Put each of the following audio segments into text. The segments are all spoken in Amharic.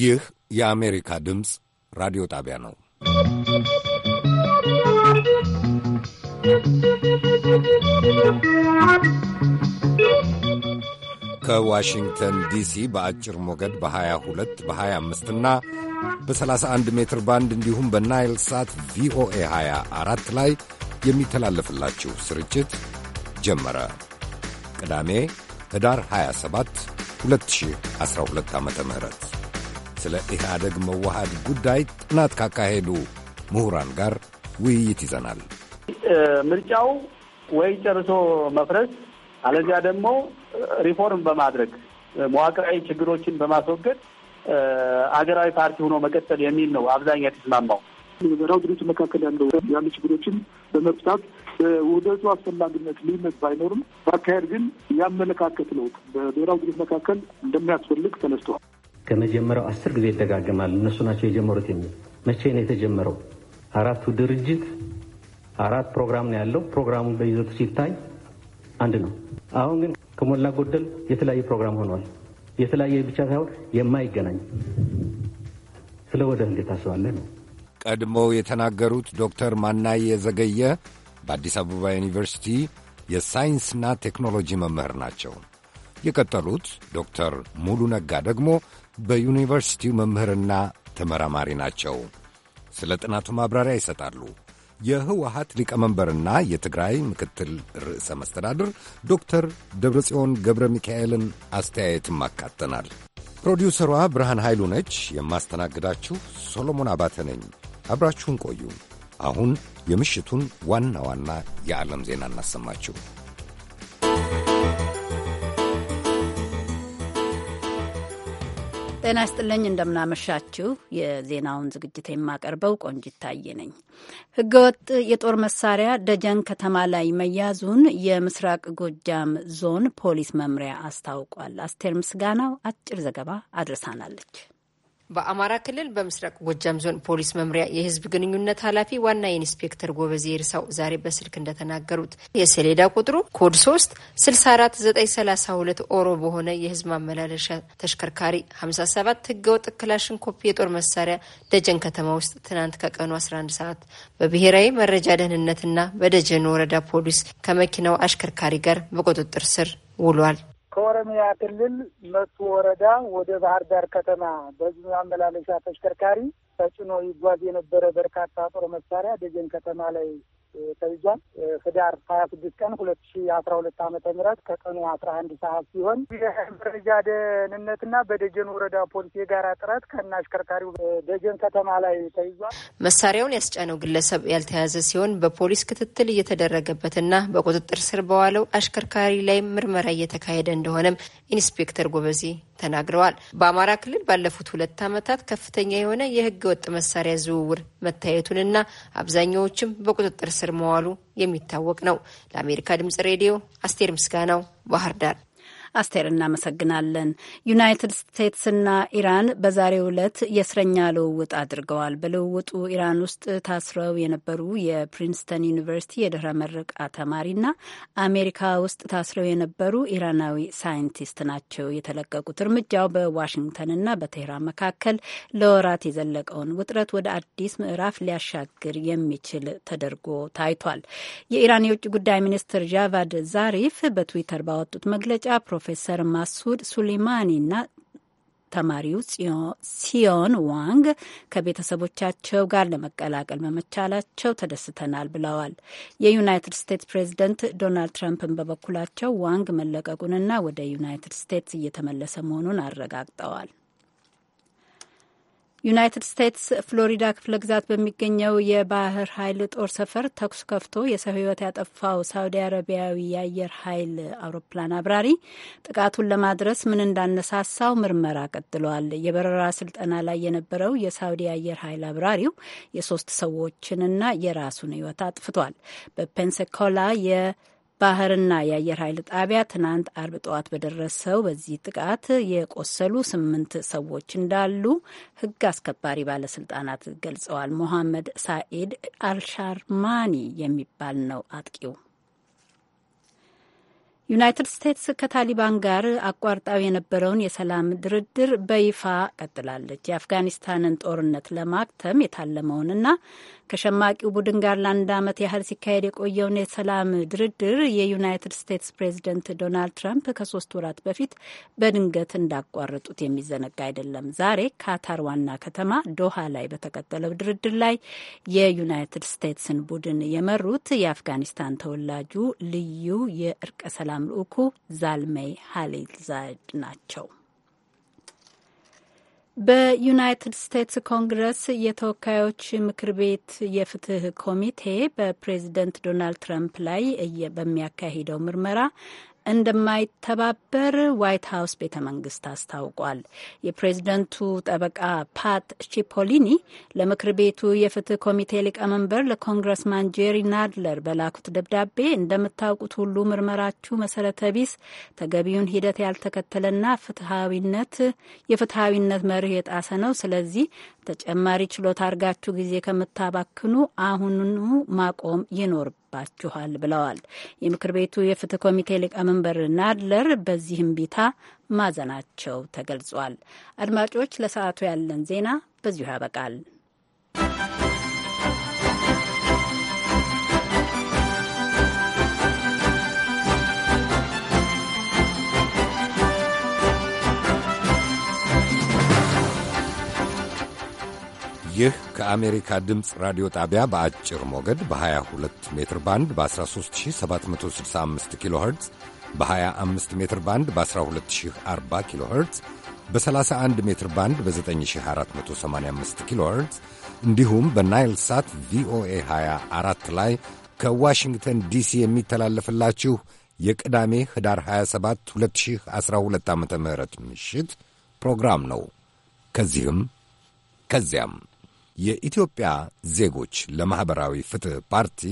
ይህ የአሜሪካ ድምፅ ራዲዮ ጣቢያ ነው። ከዋሽንግተን ዲሲ በአጭር ሞገድ በ22 በ25 እና በ31 ሜትር ባንድ እንዲሁም በናይል ሳት ቪኦኤ 24 ላይ የሚተላለፍላችሁ ስርጭት ጀመረ። ቅዳሜ ህዳር 27 2012 ዓ ም ስለ ኢህአደግ መዋሃድ ጉዳይ ጥናት ካካሄዱ ምሁራን ጋር ውይይት ይዘናል። ምርጫው ወይ ጨርሶ መፍረስ አለዚያ ደግሞ ሪፎርም በማድረግ መዋቅራዊ ችግሮችን በማስወገድ አገራዊ ፓርቲ ሆኖ መቀጠል የሚል ነው አብዛኛው የተስማማው። በራው ድርጅት መካከል ያለው ያሉ ችግሮችን በመፍታት በውህደቱ አስፈላጊነት ልዩነት ባይኖርም በአካሄድ ግን ያመለካከት ለውጥ በብሔራዊ ድርጅት መካከል እንደሚያስፈልግ ተነስተዋል። ከመጀመሪያው አስር ጊዜ ይደጋገማል። እነሱ ናቸው የጀመሩት የሚል መቼ ነው የተጀመረው? አራቱ ድርጅት አራት ፕሮግራም ነው ያለው። ፕሮግራሙ በይዘቱ ሲታይ አንድ ነው። አሁን ግን ከሞላ ጎደል የተለያየ ፕሮግራም ሆኗል። የተለያየ ብቻ ሳይሆን የማይገናኝ ስለ ወደህ እንዴት ታስባለህ ነው። ቀድሞ የተናገሩት ዶክተር ማናየ ዘገየ በአዲስ አበባ ዩኒቨርሲቲ የሳይንስና ቴክኖሎጂ መምህር ናቸው። የቀጠሉት ዶክተር ሙሉ ነጋ ደግሞ በዩኒቨርሲቲው መምህርና ተመራማሪ ናቸው። ስለ ጥናቱ ማብራሪያ ይሰጣሉ። የህወሀት ሊቀመንበርና የትግራይ ምክትል ርዕሰ መስተዳድር ዶክተር ደብረጽዮን ገብረ ሚካኤልን አስተያየትም አካተናል። ፕሮዲውሰሯ ብርሃን ኃይሉ ነች። የማስተናግዳችሁ ሶሎሞን አባተ ነኝ። አብራችሁን ቆዩ። አሁን የምሽቱን ዋና ዋና የዓለም ዜና እናሰማችሁ። ጤና ይስጥልኝ እንደምናመሻችሁ። የዜናውን ዝግጅት የማቀርበው ቆንጂት ታዬ ነኝ። ህገወጥ የጦር መሳሪያ ደጀን ከተማ ላይ መያዙን የምስራቅ ጎጃም ዞን ፖሊስ መምሪያ አስታውቋል። አስቴር ምስጋናው አጭር ዘገባ አድርሳናለች። በአማራ ክልል በምስራቅ ጎጃም ዞን ፖሊስ መምሪያ የህዝብ ግንኙነት ኃላፊ ዋና ኢንስፔክተር ጎበዜ ይርሳው ዛሬ በስልክ እንደተናገሩት የሰሌዳ ቁጥሩ ኮድ 3 64932 ኦሮ በሆነ የህዝብ ማመላለሻ ተሽከርካሪ 57 ህገወጥ ክላሽን ኮፒ የጦር መሳሪያ ደጀን ከተማ ውስጥ ትናንት ከቀኑ 11 ሰዓት በብሔራዊ መረጃ ደህንነትና በደጀን ወረዳ ፖሊስ ከመኪናው አሽከርካሪ ጋር በቁጥጥር ስር ውሏል። ከኦሮሚያ ክልል መቱ ወረዳ ወደ ባህር ዳር ከተማ በዚህ ማመላለሻ ተሽከርካሪ ተጭኖ ይጓዝ የነበረ በርካታ ጦር መሳሪያ ደጀን ከተማ ላይ ተይዟል። ህዳር ሀያ ስድስት ቀን ሁለት ሺ አስራ ሁለት አመተ ምህረት ከቀኑ አስራ አንድ ሰዓት ሲሆን የመረጃ ደህንነትና በደጀን ወረዳ ፖሊስ የጋራ ጥረት ከና አሽከርካሪው ደጀን ከተማ ላይ ተይዟል። መሳሪያውን ያስጫነው ግለሰብ ያልተያዘ ሲሆን በፖሊስ ክትትል እየተደረገበትና በቁጥጥር ስር በዋለው አሽከርካሪ ላይ ምርመራ እየተካሄደ እንደሆነም ኢንስፔክተር ጎበዜ ተናግረዋል። በአማራ ክልል ባለፉት ሁለት ዓመታት ከፍተኛ የሆነ የህገ ወጥ መሳሪያ ዝውውር መታየቱንና አብዛኛዎችም በቁጥጥር ስር ስር መዋሉ የሚታወቅ ነው። ለአሜሪካ ድምጽ ሬዲዮ አስቴር ምስጋናው ባህር ዳር አስቴር እናመሰግናለን። ዩናይትድ ስቴትስና ኢራን በዛሬው ዕለት የእስረኛ ልውውጥ አድርገዋል። በልውውጡ ኢራን ውስጥ ታስረው የነበሩ የፕሪንስተን ዩኒቨርሲቲ የድህረ ምረቃ ተማሪና አሜሪካ ውስጥ ታስረው የነበሩ ኢራናዊ ሳይንቲስት ናቸው የተለቀቁት። እርምጃው በዋሽንግተንና በቴህራን መካከል ለወራት የዘለቀውን ውጥረት ወደ አዲስ ምዕራፍ ሊያሻግር የሚችል ተደርጎ ታይቷል። የኢራን የውጭ ጉዳይ ሚኒስትር ጃቫድ ዛሪፍ በትዊተር ባወጡት መግለጫ ፕሮፌሰር ማሱድ እና ተማሪው ሲዮን ዋንግ ከቤተሰቦቻቸው ጋር ለመቀላቀል በመቻላቸው ተደስተናል ብለዋል። የዩናይትድ ስቴትስ ፕሬዝደንት ዶናልድ ትራምፕን በበኩላቸው ዋንግ መለቀቁንና ወደ ዩናይትድ ስቴትስ እየተመለሰ መሆኑን አረጋግጠዋል። ዩናይትድ ስቴትስ ፍሎሪዳ ክፍለ ግዛት በሚገኘው የባህር ኃይል ጦር ሰፈር ተኩስ ከፍቶ የሰው ሕይወት ያጠፋው ሳውዲ አረቢያዊ የአየር ኃይል አውሮፕላን አብራሪ ጥቃቱን ለማድረስ ምን እንዳነሳሳው ምርመራ ቀጥሏል። የበረራ ስልጠና ላይ የነበረው የሳውዲ አየር ኃይል አብራሪው የሶስት ሰዎችንና የራሱን ሕይወት አጥፍቷል። በፔንሰኮላ የ ባህርና የአየር ኃይል ጣቢያ ትናንት አርብ ጠዋት በደረሰው በዚህ ጥቃት የቆሰሉ ስምንት ሰዎች እንዳሉ ሕግ አስከባሪ ባለስልጣናት ገልጸዋል። ሞሐመድ ሳኢድ አልሻርማኒ የሚባል ነው አጥቂው። ዩናይትድ ስቴትስ ከታሊባን ጋር አቋርጣው የነበረውን የሰላም ድርድር በይፋ ቀጥላለች። የአፍጋኒስታንን ጦርነት ለማክተም የታለመውንና ከሸማቂው ቡድን ጋር ለአንድ ዓመት ያህል ሲካሄድ የቆየውን የሰላም ድርድር የዩናይትድ ስቴትስ ፕሬዚደንት ዶናልድ ትራምፕ ከሶስት ወራት በፊት በድንገት እንዳቋረጡት የሚዘነጋ አይደለም። ዛሬ ካታር ዋና ከተማ ዶሃ ላይ በተቀጠለው ድርድር ላይ የዩናይትድ ስቴትስን ቡድን የመሩት የአፍጋኒስታን ተወላጁ ልዩ የእርቀ ሰላም ልዑኩ ዛልሜይ ሀሊልዛድ ናቸው። በዩናይትድ ስቴትስ ኮንግረስ የተወካዮች ምክር ቤት የፍትህ ኮሚቴ በፕሬዚደንት ዶናልድ ትራምፕ ላይ በሚያካሂደው ምርመራ እንደማይተባበር ዋይት ሀውስ ቤተ መንግስት አስታውቋል። የፕሬዝደንቱ ጠበቃ ፓት ቺፖሊኒ ለምክር ቤቱ የፍትህ ኮሚቴ ሊቀመንበር ለኮንግረስማን ጄሪ ናድለር በላኩት ደብዳቤ እንደምታውቁት ሁሉ ምርመራችሁ መሰረተ ቢስ፣ ተገቢውን ሂደት ያልተከተለና ፍትሐዊነት የፍትሐዊነት መርህ የጣሰ ነው። ስለዚህ ተጨማሪ ችሎት አድርጋችሁ ጊዜ ከምታባክኑ አሁኑ ማቆም ይኖርብ ይገባችኋል ብለዋል። የምክር ቤቱ የፍትህ ኮሚቴ ሊቀመንበር ናድለር በዚህም ቢታ ማዘናቸው ተገልጿል። አድማጮች፣ ለሰዓቱ ያለን ዜና በዚሁ ያበቃል። ይህ ከአሜሪካ ድምፅ ራዲዮ ጣቢያ በአጭር ሞገድ በ22 ሜትር ባንድ በ13765 ኪሎ ኸርትዝ በ25 ሜትር ባንድ በ1240 ኪሎ ኸርትዝ በ31 ሜትር ባንድ በ9485 ኪሎ ኸርትዝ እንዲሁም በናይል ሳት ቪኦኤ 24 ላይ ከዋሽንግተን ዲሲ የሚተላለፍላችሁ የቅዳሜ ኅዳር 27 2012 ዓ ም ምሽት ፕሮግራም ነው። ከዚህም ከዚያም የኢትዮጵያ ዜጎች ለማኅበራዊ ፍትሕ ፓርቲ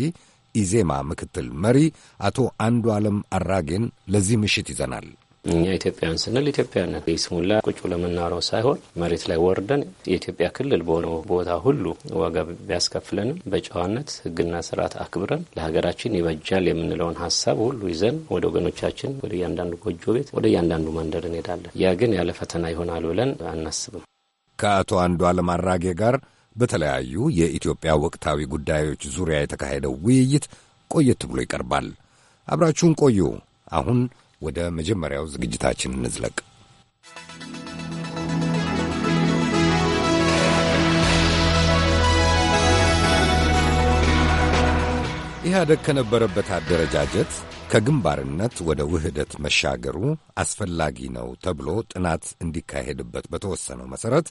ኢዜማ ምክትል መሪ አቶ አንዱ ዓለም አራጌን ለዚህ ምሽት ይዘናል። እኛ ኢትዮጵያን ስንል ኢትዮጵያነት ይስሙላ ቁጭ ለምናረው ሳይሆን መሬት ላይ ወርደን የኢትዮጵያ ክልል በሆነው ቦታ ሁሉ ዋጋ ቢያስከፍለንም በጨዋነት ሕግና ስርዓት አክብረን ለሀገራችን ይበጃል የምንለውን ሀሳብ ሁሉ ይዘን ወደ ወገኖቻችን ወደ እያንዳንዱ ጎጆ ቤት ወደ እያንዳንዱ መንደር እንሄዳለን። ያ ግን ያለ ፈተና ይሆናል ብለን አናስብም። ከአቶ አንዱ ዓለም አራጌ ጋር በተለያዩ የኢትዮጵያ ወቅታዊ ጉዳዮች ዙሪያ የተካሄደው ውይይት ቆየት ብሎ ይቀርባል። አብራችሁን ቆዩ። አሁን ወደ መጀመሪያው ዝግጅታችን እንዝለቅ። ኢህአደግ ከነበረበት አደረጃጀት ከግንባርነት ወደ ውህደት መሻገሩ አስፈላጊ ነው ተብሎ ጥናት እንዲካሄድበት በተወሰነው መሠረት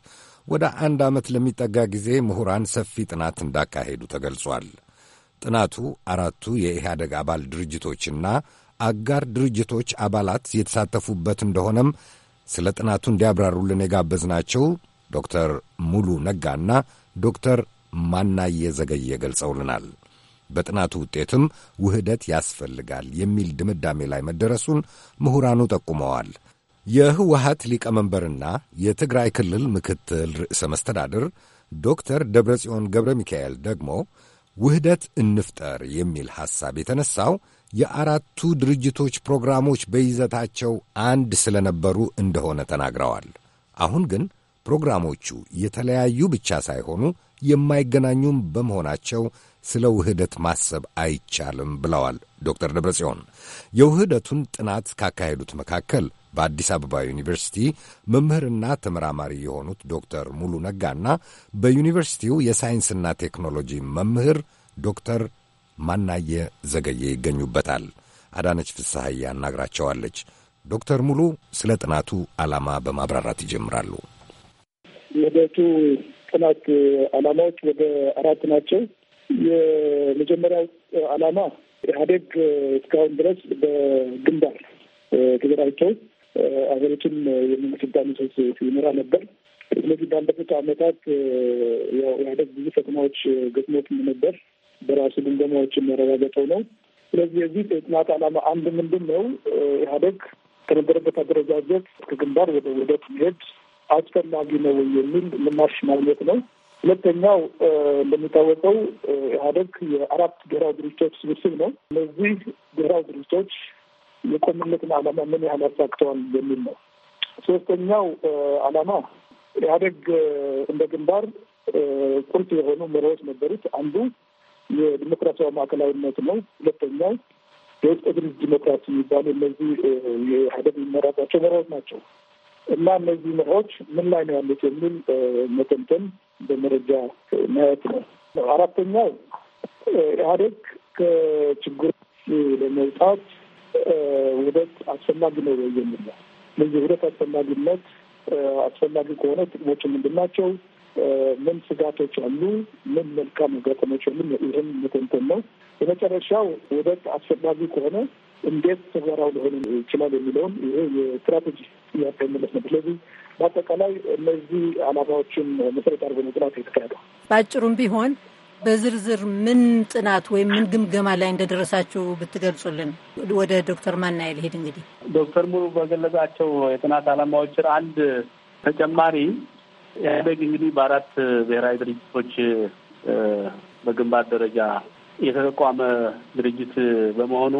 ወደ አንድ ዓመት ለሚጠጋ ጊዜ ምሁራን ሰፊ ጥናት እንዳካሄዱ ተገልጿል። ጥናቱ አራቱ የኢህአደግ አባል ድርጅቶችና አጋር ድርጅቶች አባላት የተሳተፉበት እንደሆነም ስለ ጥናቱ እንዲያብራሩልን የጋበዝናቸው ዶክተር ሙሉ ነጋና ዶክተር ማናየ ዘገየ ገልጸውልናል። በጥናቱ ውጤትም ውህደት ያስፈልጋል የሚል ድምዳሜ ላይ መደረሱን ምሁራኑ ጠቁመዋል። የህወሀት ሊቀመንበርና የትግራይ ክልል ምክትል ርዕሰ መስተዳድር ዶክተር ደብረጽዮን ገብረ ሚካኤል ደግሞ ውህደት እንፍጠር የሚል ሐሳብ የተነሳው የአራቱ ድርጅቶች ፕሮግራሞች በይዘታቸው አንድ ስለነበሩ እንደሆነ ተናግረዋል። አሁን ግን ፕሮግራሞቹ የተለያዩ ብቻ ሳይሆኑ የማይገናኙም በመሆናቸው ስለ ውህደት ማሰብ አይቻልም ብለዋል ዶክተር ደብረጽዮን። የውህደቱን ጥናት ካካሄዱት መካከል በአዲስ አበባ ዩኒቨርሲቲ መምህርና ተመራማሪ የሆኑት ዶክተር ሙሉ ነጋና በዩኒቨርሲቲው የሳይንስና ቴክኖሎጂ መምህር ዶክተር ማናየ ዘገየ ይገኙበታል። አዳነች ፍስሐዬ አናግራቸዋለች። ዶክተር ሙሉ ስለ ጥናቱ ዓላማ በማብራራት ይጀምራሉ። የዕለቱ ጥናት ዓላማዎች ወደ አራት ናቸው። የመጀመሪያው ዓላማ ኢህአዴግ እስካሁን ድረስ በግንባር ተደራጅተው ሀገሪቱን የመንግስት ጋሚቶች ይኖራ ነበር። ስለዚህ ባለፉት አመታት ያደግ ብዙ ፈተናዎች ገጥሞት ነበር። በራሱ ግምገማዎችን የሚያረጋገጠው ነው። ስለዚህ የዚህ ጥናት ዓላማ አንድ ምንድን ነው? ኢህአዴግ ከነበረበት አደረጃጀት እስከ ግንባር ወደ ውህደት መሄድ አስፈላጊ ነው የሚል ምላሽ ማግኘት ነው። ሁለተኛው እንደሚታወቀው ኢህአዴግ የአራት ብሔራዊ ድርጅቶች ስብስብ ነው። እነዚህ ብሔራዊ ድርጅቶች የቆምነትን ዓላማ ምን ያህል አሳክተዋል የሚል ነው። ሶስተኛው ዓላማ ኢህአደግ እንደ ግንባር ቁልፍ የሆኑ መሪዎች ነበሩት። አንዱ የዲሞክራሲያዊ ማዕከላዊነት ነው። ሁለተኛው የውስጥ ግንጅ ዲሞክራሲ የሚባሉ እነዚህ የኢህአዴግ የሚመራባቸው መሪዎች ናቸው እና እነዚህ መሪዎች ምን ላይ ነው ያሉት የሚል መተንተን በመረጃ ማየት ነው። አራተኛው ኢህአደግ ከችግሮች ለመውጣት ውህደት አስፈላጊ ነው ወይ የሚል ነው። ስለዚህ ውህደት አስፈላጊነት አስፈላጊ ከሆነ ጥቅሞች ምንድን ናቸው? ምን ስጋቶች አሉ? ምን መልካም ገጠሞች አሉ? ይህም መተንተን ነው። የመጨረሻው ውህደት አስፈላጊ ከሆነ እንዴት ተግባራዊ ሊሆን ይችላል የሚለውን ይሄ የስትራቴጂ ጥያቄ መለስ ነው። ስለዚህ በአጠቃላይ እነዚህ አላማዎችን መሰረት አድርጎ መጥናት የተካሄደው በአጭሩም ቢሆን በዝርዝር ምን ጥናት ወይም ምን ግምገማ ላይ እንደደረሳችሁ ብትገልጹልን። ወደ ዶክተር ማናይል ሄድ እንግዲህ ዶክተር ሙሉ በገለጻቸው የጥናት ዓላማዎች አንድ ተጨማሪ ኢህአዴግ እንግዲህ በአራት ብሔራዊ ድርጅቶች በግንባር ደረጃ የተቋመ ድርጅት በመሆኑ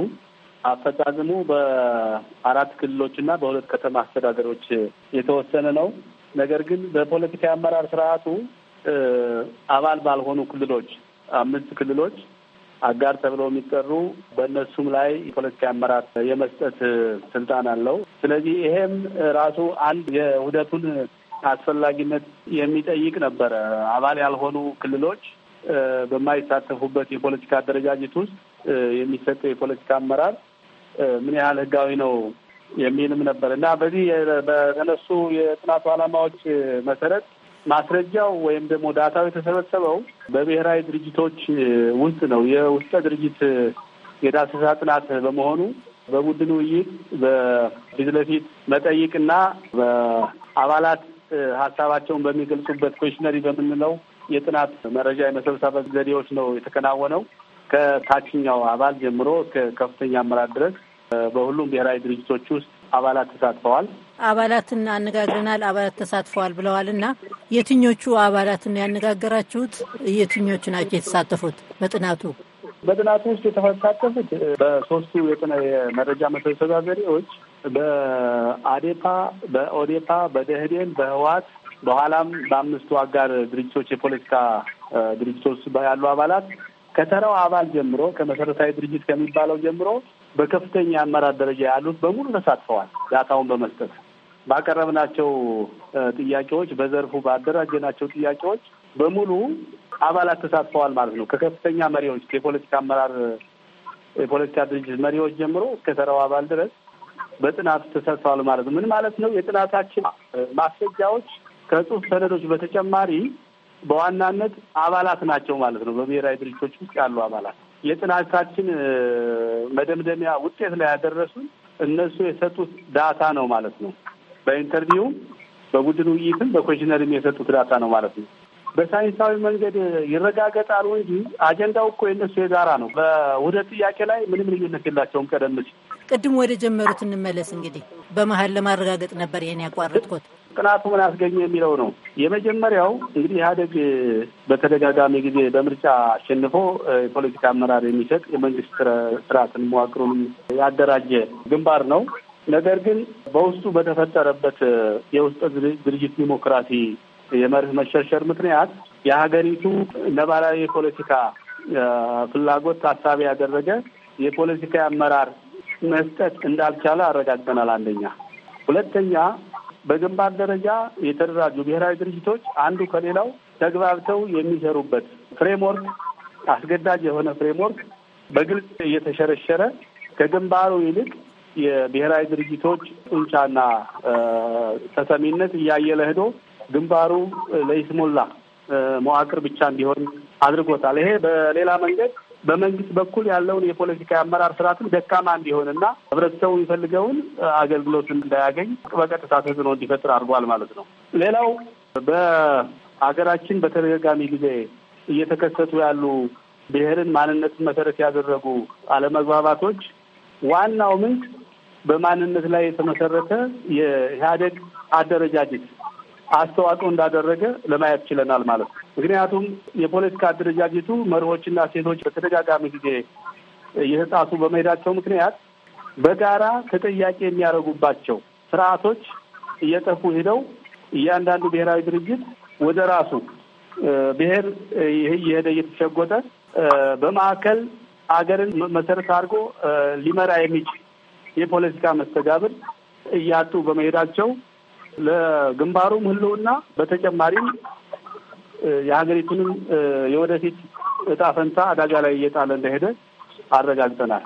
አፈጻጸሙ በአራት ክልሎችና በሁለት ከተማ አስተዳደሮች የተወሰነ ነው። ነገር ግን በፖለቲካ አመራር ስርዓቱ አባል ባልሆኑ ክልሎች አምስት ክልሎች አጋር ተብለው የሚጠሩ በእነሱም ላይ የፖለቲካ አመራር የመስጠት ስልጣን አለው። ስለዚህ ይሄም ራሱ አንድ የውህደቱን አስፈላጊነት የሚጠይቅ ነበረ። አባል ያልሆኑ ክልሎች በማይሳተፉበት የፖለቲካ አደረጃጀት ውስጥ የሚሰጠው የፖለቲካ አመራር ምን ያህል ህጋዊ ነው የሚልም ነበር እና በዚህ በተነሱ የጥናቱ ዓላማዎች መሰረት ማስረጃው ወይም ደግሞ ዳታው የተሰበሰበው በብሔራዊ ድርጅቶች ውስጥ ነው። የውስጠ ድርጅት የዳሰሳ ጥናት በመሆኑ በቡድን ውይይት በፊት ለፊት መጠይቅና በአባላት ሀሳባቸውን በሚገልጹበት ኮሽነሪ በምንለው የጥናት መረጃ የመሰብሰበት ዘዴዎች ነው የተከናወነው። ከታችኛው አባል ጀምሮ እስከ ከፍተኛ አመራር ድረስ በሁሉም ብሔራዊ ድርጅቶች ውስጥ አባላት ተሳትፈዋል። አባላትን አነጋግረናል። አባላት ተሳትፈዋል ብለዋል እና የትኞቹ አባላትን ያነጋገራችሁት? የትኞቹ ናቸው የተሳተፉት በጥናቱ? በጥናቱ ውስጥ የተሳተፉት በሶስቱ የመረጃ መሰብሰቢያ ዘዴዎች በአዴፓ፣ በኦዴፓ፣ በደህዴን፣ በህወሓት በኋላም በአምስቱ አጋር ድርጅቶች የፖለቲካ ድርጅቶች ያሉ አባላት ከተራው አባል ጀምሮ ከመሰረታዊ ድርጅት ከሚባለው ጀምሮ በከፍተኛ አመራር ደረጃ ያሉት በሙሉ ተሳትፈዋል። ዳታውን በመስጠት ባቀረብናቸው ጥያቄዎች፣ በዘርፉ ባደራጀናቸው ጥያቄዎች በሙሉ አባላት ተሳትፈዋል ማለት ነው። ከከፍተኛ መሪዎች የፖለቲካ አመራር የፖለቲካ ድርጅት መሪዎች ጀምሮ እስከ ተራው አባል ድረስ በጥናት ተሳትፈዋል ማለት ነው። ምን ማለት ነው? የጥናታችን ማስረጃዎች ከጽሁፍ ሰነዶች በተጨማሪ በዋናነት አባላት ናቸው ማለት ነው። በብሔራዊ ድርጅቶች ውስጥ ያሉ አባላት የጥናታችን መደምደሚያ ውጤት ላይ ያደረሱን እነሱ የሰጡት ዳታ ነው ማለት ነው። በኢንተርቪውም በቡድን ውይይትም በኮሽነርም የሰጡት ዳታ ነው ማለት ነው። በሳይንሳዊ መንገድ ይረጋገጣሉ እንጂ አጀንዳው እኮ የእነሱ የጋራ ነው። በውህደት ጥያቄ ላይ ምንም ልዩነት የላቸውም። ቀደም ሲል ቅድም ወደ ጀመሩት እንመለስ። እንግዲህ በመሀል ለማረጋገጥ ነበር ይህን ያቋረጥኩት። ጥናቱ ምን አስገኘ የሚለው ነው። የመጀመሪያው እንግዲህ ኢህአዴግ በተደጋጋሚ ጊዜ በምርጫ አሸንፎ የፖለቲካ አመራር የሚሰጥ የመንግስት ስርዓትን መዋቅሩንም ያደራጀ ግንባር ነው። ነገር ግን በውስጡ በተፈጠረበት የውስጥ ድርጅት ዲሞክራሲ የመርህ መሸርሸር ምክንያት የሀገሪቱ ነባራዊ የፖለቲካ ፍላጎት ታሳቢ ያደረገ የፖለቲካ አመራር መስጠት እንዳልቻለ አረጋግጠናል። አንደኛ። ሁለተኛ በግንባር ደረጃ የተደራጁ ብሔራዊ ድርጅቶች አንዱ ከሌላው ተግባብተው የሚሰሩበት ፍሬምወርክ፣ አስገዳጅ የሆነ ፍሬምወርክ በግልጽ እየተሸረሸረ ከግንባሩ ይልቅ የብሔራዊ ድርጅቶች ጡንቻና ተሰሚነት እያየለ ሄዶ ግንባሩ ለይስሙላ መዋቅር ብቻ እንዲሆን አድርጎታል። ይሄ በሌላ መንገድ በመንግስት በኩል ያለውን የፖለቲካ አመራር ስርዓትም ደካማ እንዲሆንና ህብረተሰቡ የሚፈልገውን አገልግሎት እንዳያገኝ በቀጥታ ተጽዕኖ እንዲፈጥር አድርጓል ማለት ነው። ሌላው በሀገራችን በተደጋጋሚ ጊዜ እየተከሰቱ ያሉ ብሔርን፣ ማንነትን መሰረት ያደረጉ አለመግባባቶች ዋናው ምንጭ በማንነት ላይ የተመሰረተ የኢህአደግ አደረጃጀት አስተዋጽኦ እንዳደረገ ለማየት ችለናል ማለት ነው። ምክንያቱም የፖለቲካ አደረጃጀቱ መርሆችና ሴቶች በተደጋጋሚ ጊዜ እየተጣሱ በመሄዳቸው ምክንያት በጋራ ተጠያቂ የሚያደርጉባቸው ስርዓቶች እየጠፉ ሄደው እያንዳንዱ ብሔራዊ ድርጅት ወደ ራሱ ብሔር እየሄደ እየተሸጎጠ በማዕከል አገርን መሰረት አድርጎ ሊመራ የሚችል የፖለቲካ መስተጋብር እያጡ በመሄዳቸው ለግንባሩም ህልውና በተጨማሪም የሀገሪቱንም የወደፊት እጣ ፈንታ አደጋ ላይ እየጣለ እንደሄደ አረጋግጠናል።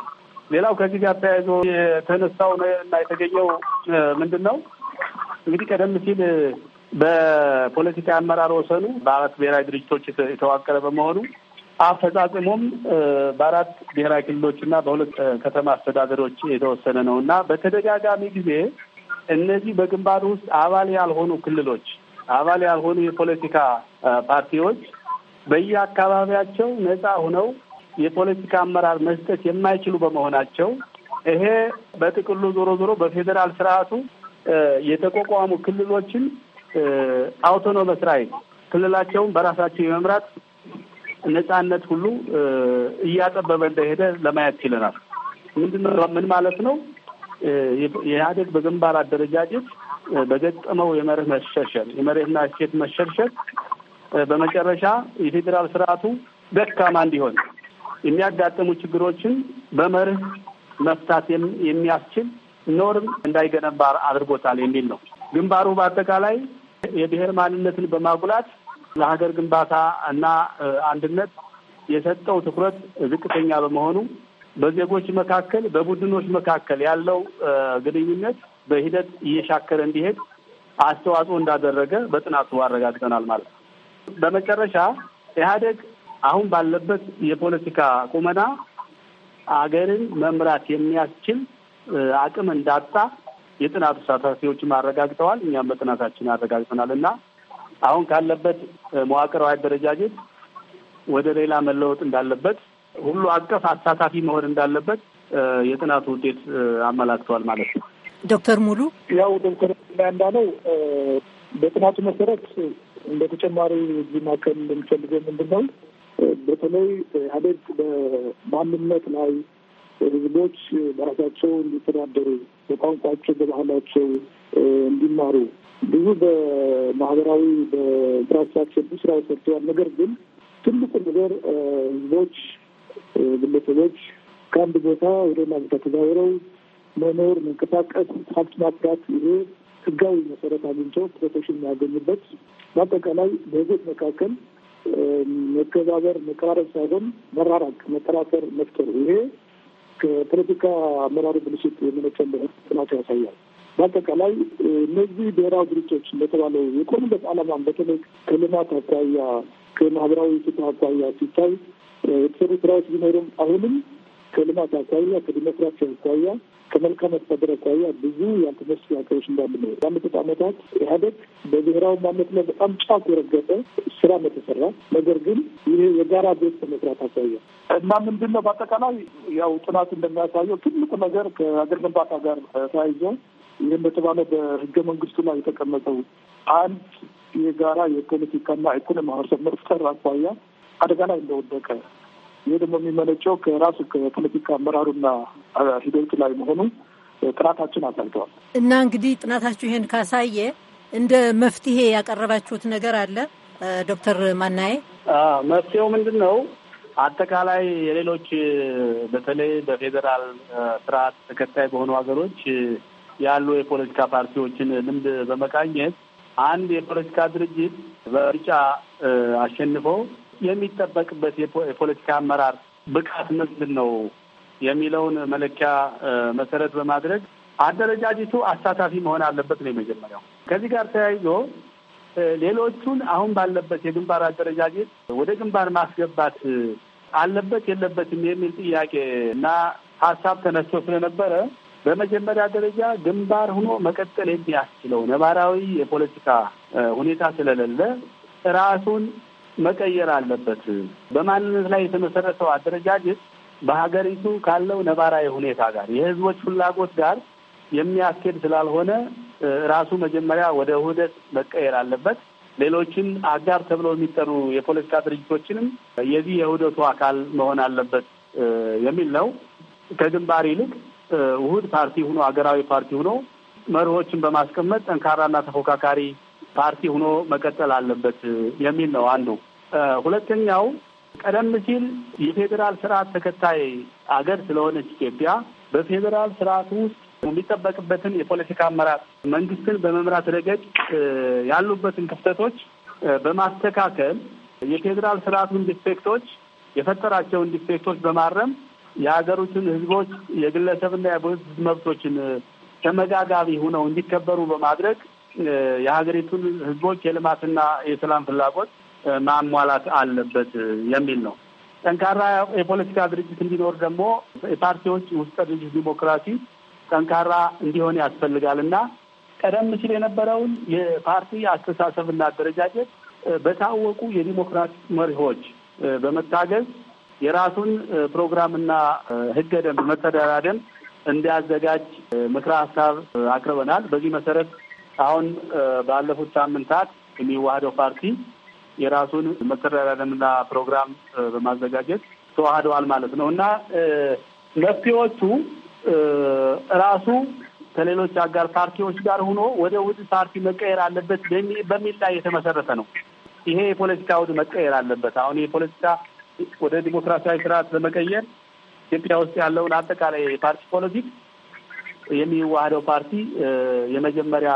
ሌላው ከዚህ ጋር ተያይዞ የተነሳው እና የተገኘው ምንድን ነው እንግዲህ ቀደም ሲል በፖለቲካ አመራር ወሰኑ በአራት ብሔራዊ ድርጅቶች የተዋቀረ በመሆኑ አፈጻጽሞም በአራት ብሔራዊ ክልሎች እና በሁለት ከተማ አስተዳደሮች የተወሰነ ነው እና በተደጋጋሚ ጊዜ እነዚህ በግንባር ውስጥ አባል ያልሆኑ ክልሎች፣ አባል ያልሆኑ የፖለቲካ ፓርቲዎች በየአካባቢያቸው ነጻ ሆነው የፖለቲካ አመራር መስጠት የማይችሉ በመሆናቸው ይሄ በጥቅሉ ዞሮ ዞሮ በፌዴራል ስርዓቱ የተቋቋሙ ክልሎችን አውቶኖመስ ራይት ክልላቸውን በራሳቸው የመምራት ነጻነት ሁሉ እያጠበበ እንደሄደ ለማየት ይለናል። ምንድን ምን ማለት ነው? የኢህአዴግ በግንባር አደረጃጀት በገጠመው የመርህ መሸርሸር የመርህና እሴት መሸርሸር በመጨረሻ የፌዴራል ስርዓቱ ደካማ እንዲሆን የሚያጋጥሙ ችግሮችን በመርህ መፍታት የሚያስችል ኖርም እንዳይገነባ አድርጎታል የሚል ነው። ግንባሩ በአጠቃላይ የብሔር ማንነትን በማጉላት ለሀገር ግንባታ እና አንድነት የሰጠው ትኩረት ዝቅተኛ በመሆኑ በዜጎች መካከል በቡድኖች መካከል ያለው ግንኙነት በሂደት እየሻከረ እንዲሄድ አስተዋጽኦ እንዳደረገ በጥናቱ አረጋግጠናል ማለት ነው። በመጨረሻ ኢህአደግ አሁን ባለበት የፖለቲካ ቁመና አገርን መምራት የሚያስችል አቅም እንዳጣ የጥናቱ ተሳታፊዎችም አረጋግጠዋል። እኛም በጥናታችን አረጋግጠናል እና አሁን ካለበት መዋቅራዊ አደረጃጀት ወደ ሌላ መለወጥ እንዳለበት ሁሉ አቀፍ አሳታፊ መሆን እንዳለበት የጥናቱ ውጤት አመላክተዋል ማለት ነው። ዶክተር ሙሉ ያው ዶክተር ላ እንዳለው በጥናቱ መሰረት እንደ ተጨማሪ እዚህ ማከል የሚፈልገው ምንድን ነው? በተለይ ኢህአዴግ በማንነት ላይ ህዝቦች በራሳቸው እንዲተዳደሩ፣ በቋንቋቸው፣ በባህላቸው እንዲማሩ ብዙ በማህበራዊ በኢንፍራስትራክቸር ስራ ሰርተዋል። ነገር ግን ትልቁ ነገር ህዝቦች ግለሰቦች ከአንድ ቦታ ወደ ሌላ ቦታ ተዛውረው መኖር፣ መንቀሳቀስ፣ ሀብት ማፍራት ይሄ ህጋዊ መሰረት አግኝቶ ፕሮቴክሽን የሚያገኙበት በአጠቃላይ በህዝቦች መካከል መከባበር፣ መቀራረብ ሳይሆን መራራቅ፣ መጠራጠር መፍጠር ይሄ ከፖለቲካ አመራሩ ብልሽት የመነጨ ጥናት ያሳያል። በአጠቃላይ እነዚህ ብሔራዊ ድርጅቶች እንደተባለው የቆሙበት ዓላማም በተለይ ከልማት አኳያ ከማህበራዊ ፍትህ አኳያ ሲታይ የተሰሩ ስራዎች ቢኖሩም አሁንም ከልማት አኳያ ከዲሞክራሲ አኳያ ከመልካም አስተዳደር አኳያ ብዙ ያልተነሱ ሀገሮች እንዳሉ ነው። ባለፉት ዓመታት ኢህአዴግ በብሔራዊ ማነት ላይ በጣም ጫፍ የረገጠ ስራ ነው የተሰራ። ነገር ግን ይህ የጋራ ቤት መስራት አኳያ እና ምንድን ነው በአጠቃላይ ያው ጥናት እንደሚያሳየው ትልቁ ነገር ከሀገር ግንባታ ጋር ተያይዞ ይህም በተባለ በህገ መንግስቱ ላይ የተቀመጠው አንድ የጋራ የፖለቲካና ኢኮኖሚ ማህበረሰብ መፍጠር አኳያ አደጋ ላይ እንደወደቀ ይህ ደግሞ የሚመነጨው ከራሱ ከፖለቲካ አመራሩና ሂደቱ ላይ መሆኑ ጥናታችን አሳይተዋል። እና እንግዲህ ጥናታችሁ ይሄን ካሳየ እንደ መፍትሄ ያቀረባችሁት ነገር አለ ዶክተር ማናዬ? መፍትሄው ምንድን ነው? አጠቃላይ የሌሎች በተለይ በፌዴራል ስርዓት ተከታይ በሆኑ ሀገሮች ያሉ የፖለቲካ ፓርቲዎችን ልምድ በመቃኘት አንድ የፖለቲካ ድርጅት በምርጫ አሸንፈው የሚጠበቅበት የፖለቲካ አመራር ብቃት ምንድን ነው የሚለውን መለኪያ መሰረት በማድረግ አደረጃጀቱ አሳታፊ መሆን አለበት ነው የመጀመሪያው። ከዚህ ጋር ተያይዞ ሌሎቹን አሁን ባለበት የግንባር አደረጃጀት ወደ ግንባር ማስገባት አለበት የለበትም የሚል ጥያቄ እና ሀሳብ ተነስቶ ስለነበረ በመጀመሪያ ደረጃ ግንባር ሆኖ መቀጠል የሚያስችለው ነባራዊ የፖለቲካ ሁኔታ ስለሌለ ራሱን መቀየር አለበት። በማንነት ላይ የተመሰረተው አደረጃጀት በሀገሪቱ ካለው ነባራዊ ሁኔታ ጋር የህዝቦች ፍላጎት ጋር የሚያስኬድ ስላልሆነ ራሱ መጀመሪያ ወደ ውህደት መቀየር አለበት። ሌሎችን አጋር ተብለው የሚጠሩ የፖለቲካ ድርጅቶችንም የዚህ የውህደቱ አካል መሆን አለበት የሚል ነው። ከግንባር ይልቅ ውህድ ፓርቲ ሆኖ ሀገራዊ ፓርቲ ሆኖ መርሆችን በማስቀመጥ ጠንካራና ተፎካካሪ ፓርቲ ሆኖ መቀጠል አለበት የሚል ነው አንዱ። ሁለተኛው ቀደም ሲል የፌዴራል ስርዓት ተከታይ አገር ስለሆነች ኢትዮጵያ በፌዴራል ስርዓት ውስጥ የሚጠበቅበትን የፖለቲካ አመራር መንግስትን በመምራት ረገድ ያሉበትን ክፍተቶች በማስተካከል የፌዴራል ስርዓቱን ዲፌክቶች የፈጠራቸውን ዲፌክቶች በማረም የሀገሮችን ህዝቦች የግለሰብና የህዝብ መብቶችን ተመጋጋቢ ሆነው እንዲከበሩ በማድረግ የሀገሪቱን ህዝቦች የልማትና የሰላም ፍላጎት ማሟላት አለበት የሚል ነው። ጠንካራ የፖለቲካ ድርጅት እንዲኖር ደግሞ የፓርቲዎች ውስጠ ድርጅት ዲሞክራሲ ጠንካራ እንዲሆን ያስፈልጋል እና ቀደም ሲል የነበረውን የፓርቲ አስተሳሰብና አደረጃጀት በታወቁ የዲሞክራሲ መሪሆች በመታገዝ የራሱን ፕሮግራምና ህገ ደንብ መተዳደሪያ ደንብ እንዲያዘጋጅ ምክረ ሀሳብ አቅርበናል። በዚህ መሰረት አሁን ባለፉት ሳምንታት የሚዋህደው ፓርቲ የራሱን መተዳደሪያና ፕሮግራም በማዘጋጀት ተዋህደዋል ማለት ነው እና መፍትሄዎቹ ራሱ ከሌሎች አጋር ፓርቲዎች ጋር ሆኖ ወደ ውድ ፓርቲ መቀየር አለበት በሚል ላይ የተመሰረተ ነው። ይሄ የፖለቲካ ውድ መቀየር አለበት። አሁን የፖለቲካ ወደ ዲሞክራሲያዊ ስርዓት ለመቀየር ኢትዮጵያ ውስጥ ያለውን አጠቃላይ የፓርቲ ፖለቲክ የሚዋህደው ፓርቲ የመጀመሪያ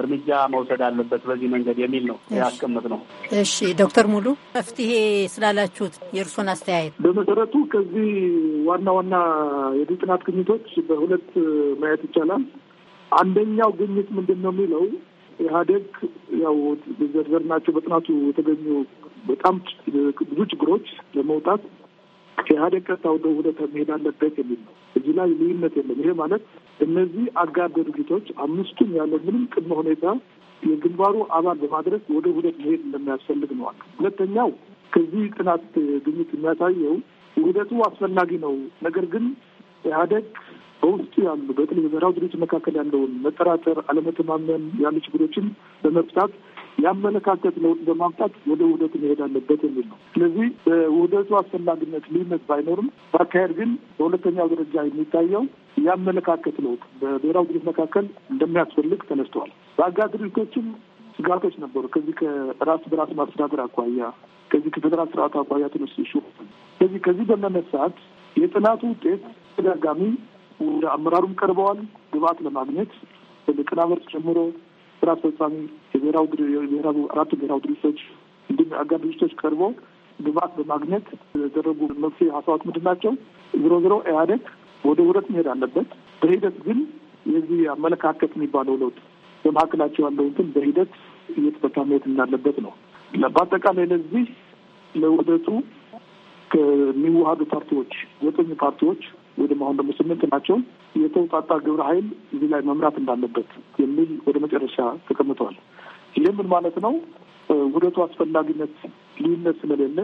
እርምጃ መውሰድ አለበት በዚህ መንገድ የሚል ነው ያስቀምጥ ነው። እሺ ዶክተር ሙሉ መፍትሄ ስላላችሁት የእርሶን አስተያየት። በመሰረቱ ከዚህ ዋና ዋና የዚህ ጥናት ግኝቶች በሁለት ማየት ይቻላል። አንደኛው ግኝት ምንድን ነው የሚለው ኢህአዴግ ያው ዘርዘር ናቸው በጥናቱ የተገኙ በጣም ብዙ ችግሮች ለመውጣት ከኢህአዴግ ቀጥታ ወደ ውህደት መሄድ አለበት የሚል ነው። እዚህ ላይ ልዩነት የለም። ይሄ ማለት እነዚህ አጋር ድርጅቶች አምስቱም ያለ ምንም ቅድመ ሁኔታ የግንባሩ አባል በማድረግ ወደ ውህደት መሄድ እንደሚያስፈልግ ነዋል። ሁለተኛው ከዚህ ጥናት ግኝት የሚያሳየው ውህደቱ አስፈላጊ ነው። ነገር ግን ኢህአደግ በውስጡ ያሉ በተለይ በብሔራዊ ድርጅት መካከል ያለውን መጠራጠር፣ አለመተማመን ያሉ ችግሮችን በመፍታት የአመለካከት ለውጥ በማምጣት ወደ ውህደት መሄድ አለበት የሚል ነው። ስለዚህ በውህደቱ አስፈላጊነት ልዩነት ባይኖርም በአካሄድ ግን በሁለተኛው ደረጃ የሚታየው የአመለካከት ለውጥ በብሔራዊ ድርጅት መካከል እንደሚያስፈልግ ተነስተዋል። በአጋር ድርጅቶችም ስጋቶች ነበሩ። ከዚህ ከራስ በራስ ማስተዳደር አኳያ፣ ከዚህ ከፌዴራል ስርዓት አኳያ ተነሱ ይሹ ከዚህ ከዚህ በመነሳት የጥናቱ ውጤት ተደጋጋሚ ወደ አመራሩም ቀርበዋል ግብአት ለማግኘት ሊቀመንበር ጀምሮ ስራ አስፈጻሚ የብሔራዊ አራቱ ብሔራዊ ድርጅቶች እንዲሁም አጋር ድርጅቶች ቀርበው ግብአት በማግኘት የተደረጉ መፍትሄ ሀሳባት ምንድን ናቸው? ዝሮ ዝሮ ኢህአዴግ ወደ ውህደት መሄድ አለበት። በሂደት ግን የዚህ አመለካከት የሚባለው ለውጥ በመካከላቸው ያለውትን በሂደት እየተፈታ መሄድ እንዳለበት ነው። በአጠቃላይ ለዚህ ለውህደቱ ከሚዋሃዱ ፓርቲዎች ዘጠኝ ፓርቲዎች ወደ አሁን ደግሞ ስምንት ናቸው የተውጣጣ ግብረ ኃይል እዚህ ላይ መምራት እንዳለበት የሚል ወደ መጨረሻ ተቀምጠዋል። ይህ ምን ማለት ነው? ውህደቱ አስፈላጊነት ልዩነት ስለሌለ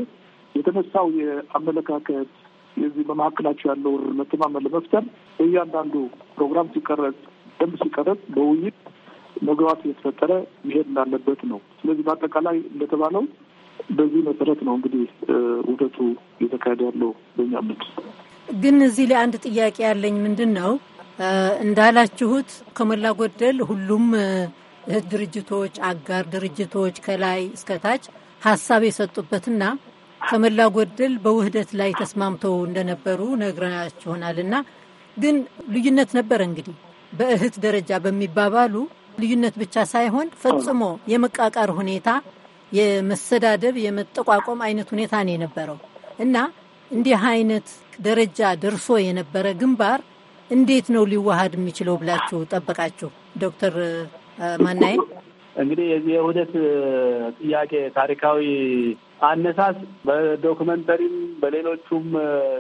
የተነሳው የአመለካከት የዚህ በመካከላቸው ያለውን መተማመን ለመፍጠር እያንዳንዱ ፕሮግራም ሲቀረጽ፣ ደንብ ሲቀረጽ በውይይት መግባት እየተፈጠረ መሄድ እንዳለበት ነው። ስለዚህ በአጠቃላይ እንደተባለው በዚህ መሰረት ነው እንግዲህ ውህደቱ እየተካሄደ ያለው በኛ ምድ ግን እዚህ ላይ አንድ ጥያቄ ያለኝ ምንድን ነው እንዳላችሁት ከሞላ ጎደል ሁሉም እህት ድርጅቶች፣ አጋር ድርጅቶች ከላይ እስከታች ሀሳብ የሰጡበትና ከመላ ጎደል በውህደት ላይ ተስማምተው እንደነበሩ ነግራችሁናል። እና ግን ልዩነት ነበረ እንግዲህ በእህት ደረጃ በሚባባሉ ልዩነት ብቻ ሳይሆን ፈጽሞ የመቃቃር ሁኔታ፣ የመሰዳደብ፣ የመጠቋቆም አይነት ሁኔታ ነው የነበረው እና እንዲህ አይነት ደረጃ ደርሶ የነበረ ግንባር እንዴት ነው ሊዋሃድ የሚችለው ብላችሁ ጠበቃችሁ ዶክተር ማናይም? እንግዲህ የዚህ የውህደት ጥያቄ ታሪካዊ አነሳስ በዶክመንተሪም በሌሎቹም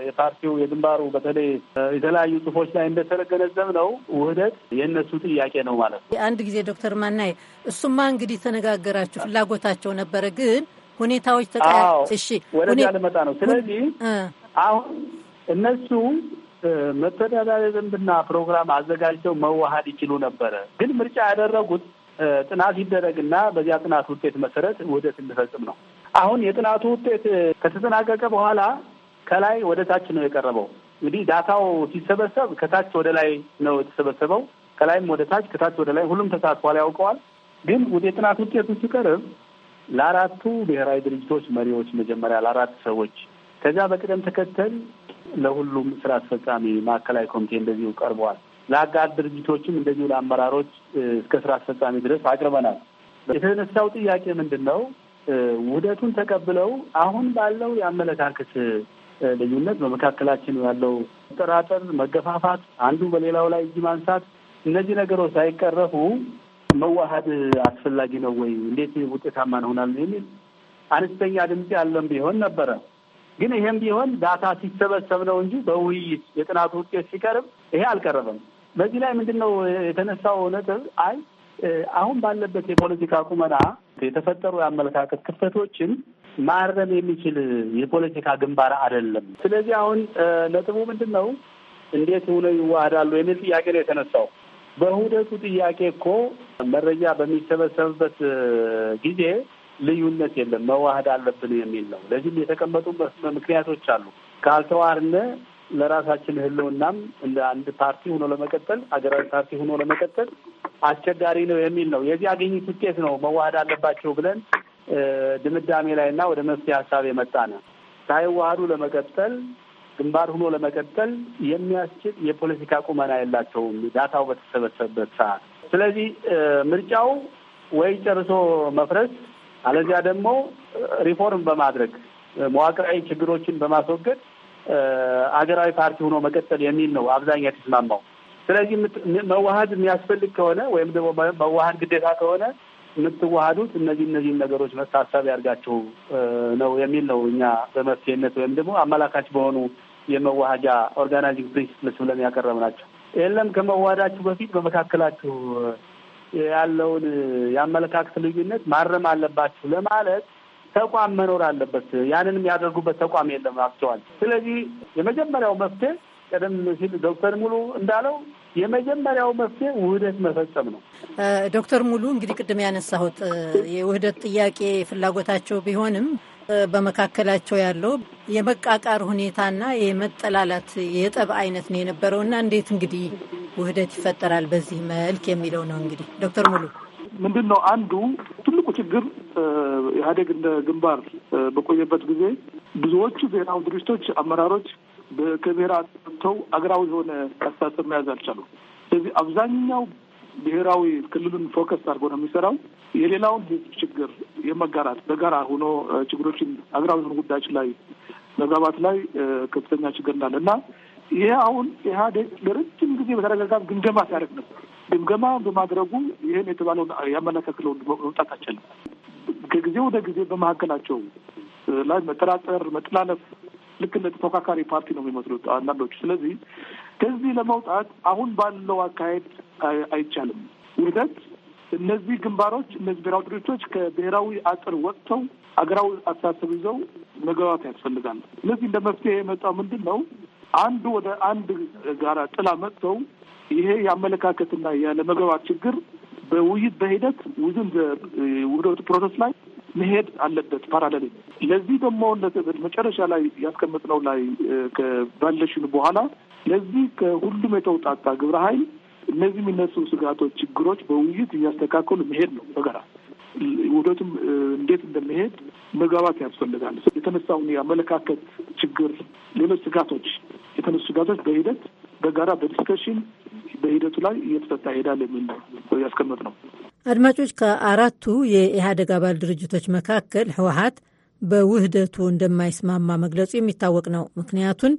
የፓርቲው የግንባሩ በተለይ የተለያዩ ጽሁፎች ላይ እንደተገነዘብ ነው ውህደት የእነሱ ጥያቄ ነው ማለት ነው። አንድ ጊዜ ዶክተር ማናይ እሱማ እንግዲህ ተነጋገራችሁ፣ ፍላጎታቸው ነበረ፣ ግን ሁኔታዎች ተቃ እሺ፣ ወደዚያ ልመጣ ነው። ስለዚህ አሁን እነሱ መተዳደሪያ ደንብና ፕሮግራም አዘጋጅተው መዋሀድ ይችሉ ነበረ፣ ግን ምርጫ ያደረጉት ጥናት ይደረግና በዚያ ጥናት ውጤት መሰረት ውህደት እንፈጽም ነው። አሁን የጥናቱ ውጤት ከተጠናቀቀ በኋላ ከላይ ወደ ታች ነው የቀረበው። እንግዲህ ዳታው ሲሰበሰብ ከታች ወደ ላይ ነው የተሰበሰበው። ከላይም ወደ ታች፣ ከታች ወደ ላይ ሁሉም ተሳትፏል፣ ያውቀዋል። ግን ወደ የጥናት ውጤቱ ሲቀርብ ለአራቱ ብሔራዊ ድርጅቶች መሪዎች መጀመሪያ ለአራት ሰዎች ከዚያ በቅደም ተከተል ለሁሉም ስራ አስፈጻሚ ማዕከላዊ ኮሚቴ እንደዚሁ ቀርበዋል። ለአጋር ድርጅቶችም እንደዚሁ ለአመራሮች እስከ ስራ አስፈጻሚ ድረስ አቅርበናል። የተነሳው ጥያቄ ምንድን ነው? ውህደቱን ተቀብለው አሁን ባለው የአመለካከት ልዩነት በመካከላችን ያለው መጠራጠር፣ መገፋፋት፣ አንዱ በሌላው ላይ እጅ ማንሳት እነዚህ ነገሮች ሳይቀረፉ መዋሀድ አስፈላጊ ነው ወይ? እንዴት ውጤታማ እንሆናል የሚል አነስተኛ ድምፅ ያለም ቢሆን ነበረ። ግን ይሄም ቢሆን ዳታ ሲሰበሰብ ነው እንጂ በውይይት የጥናቱ ውጤት ሲቀርብ ይሄ አልቀረበም። በዚህ ላይ ምንድን ነው የተነሳው ነጥብ አይ አሁን ባለበት የፖለቲካ ቁመና የተፈጠሩ የአመለካከት ክፍተቶችን ማረም የሚችል የፖለቲካ ግንባር አይደለም። ስለዚህ አሁን ነጥቡ ምንድን ነው? እንዴት ሆነው ይዋሃዳሉ የሚል ጥያቄ ነው የተነሳው። በሁደቱ ጥያቄ እኮ መረጃ በሚሰበሰብበት ጊዜ ልዩነት የለም መዋሃድ አለብን የሚል ነው። ለዚህም የተቀመጡ ምክንያቶች አሉ። ካልተዋርነ ለራሳችን ህልውናም እንደ አንድ ፓርቲ ሆኖ ለመቀጠል አገራዊ ፓርቲ ሆኖ ለመቀጠል አስቸጋሪ ነው የሚል ነው። የዚህ አገኙት ውጤት ነው መዋሃድ አለባቸው ብለን ድምዳሜ ላይ እና ወደ መፍትሄ ሀሳብ የመጣ ነው። ሳይዋሃዱ ለመቀጠል ግንባር ሆኖ ለመቀጠል የሚያስችል የፖለቲካ ቁመና የላቸውም ዳታው በተሰበሰበበት ሰዓት። ስለዚህ ምርጫው ወይ ጨርሶ መፍረስ አለዚያ ደግሞ ሪፎርም በማድረግ መዋቅራዊ ችግሮችን በማስወገድ አገራዊ ፓርቲ ሆኖ መቀጠል የሚል ነው አብዛኛው የተስማማው። ስለዚህ መዋሀድ የሚያስፈልግ ከሆነ ወይም ደግሞ መዋሀድ ግዴታ ከሆነ የምትዋሃዱት እነዚህ እነዚህን ነገሮች መታሰብ ያድርጋቸው ነው የሚል ነው። እኛ በመፍትሄነት ወይም ደግሞ አመላካች በሆኑ የመዋሀጃ ኦርጋናይዚንግ ፕሪንሲፕልስ ብለን ናቸው። የለም ከመዋሃዳችሁ በፊት በመካከላችሁ ያለውን የአመለካከት ልዩነት ማረም አለባችሁ ለማለት ተቋም መኖር አለበት። ያንን የሚያደርጉበት ተቋም የለም አክቸዋል። ስለዚህ የመጀመሪያው መፍትሄ ቀደም ሲል ዶክተር ሙሉ እንዳለው የመጀመሪያው መፍትሄ ውህደት መፈጸም ነው። ዶክተር ሙሉ እንግዲህ ቅድም ያነሳሁት የውህደት ጥያቄ ፍላጎታቸው ቢሆንም በመካከላቸው ያለው የመቃቃር ሁኔታና የመጠላላት የጠብ አይነት ነው እና እንዴት እንግዲህ ውህደት ይፈጠራል በዚህ መልክ የሚለው ነው እንግዲህ ዶክተር ሙሉ ምንድን ነው አንዱ ትልቁ ችግር ኢህአዴግ እንደ ግንባር በቆየበት ጊዜ ብዙዎቹ ብሔራዊ ድርጅቶች አመራሮች ከብሔራዊ ተው አገራዊ የሆነ አስተሳሰብ መያዝ አልቻሉ ስለዚህ አብዛኛው ብሔራዊ ክልሉን ፎከስ አድርጎ ነው የሚሰራው። የሌላውን ህዝብ ችግር የመጋራት በጋራ ሆኖ ችግሮችን አገራዊ የሆኑ ጉዳዮች ላይ መግባባት ላይ ከፍተኛ ችግር እንዳለ እና ይህ አሁን ኢህአዴግ ለረጅም ጊዜ በተደጋጋሚ ግምገማ ሲያደርግ ነበር። ግምገማ በማድረጉ ይህን የተባለውን ያመለካክለውን መውጣት አልቻለም። ከጊዜ ወደ ጊዜ በመካከላቸው ላይ መጠራጠር፣ መጠላለፍ ልክ እንደ ተፎካካሪ ፓርቲ ነው የሚመስሉት አንዳንዶች። ስለዚህ ከዚህ ለመውጣት አሁን ባለው አካሄድ አይቻልም። ውህደት እነዚህ ግንባሮች፣ እነዚህ ብሔራዊ ድርጅቶች ከብሔራዊ አጥር ወጥተው አገራዊ አስተሳሰብ ይዘው መግባባት ያስፈልጋል። ስለዚህ እንደ መፍትሄ የመጣው ምንድን ነው? አንድ ወደ አንድ ጋራ ጥላ መጥተው ይሄ የአመለካከትና ያለመግባባት ችግር በውይይት በሂደት ውዝን ውህደቱ ፕሮሰስ ላይ መሄድ አለበት። ፓራለል ለዚህ ደግሞ መጨረሻ ላይ ያስቀመጥነው ላይ ከባለሽኑ በኋላ ለዚህ ከሁሉም የተውጣጣ ግብረ ኃይል እነዚህ የሚነሱ ስጋቶች፣ ችግሮች በውይይት እያስተካከሉ መሄድ ነው። በጋራ ውህደቱም እንዴት እንደመሄድ መግባባት ያስፈልጋል። የተነሳውን የአመለካከት ችግር፣ ሌሎች ስጋቶች የተነሱ ስጋቶች በሂደት በጋራ በዲስከሽን በሂደቱ ላይ እየተፈታ ይሄዳል የሚል ነው ያስቀመጥ ነው። አድማጮች፣ ከአራቱ የኢህአደግ አባል ድርጅቶች መካከል ህወሀት በውህደቱ እንደማይስማማ መግለጹ የሚታወቅ ነው። ምክንያቱን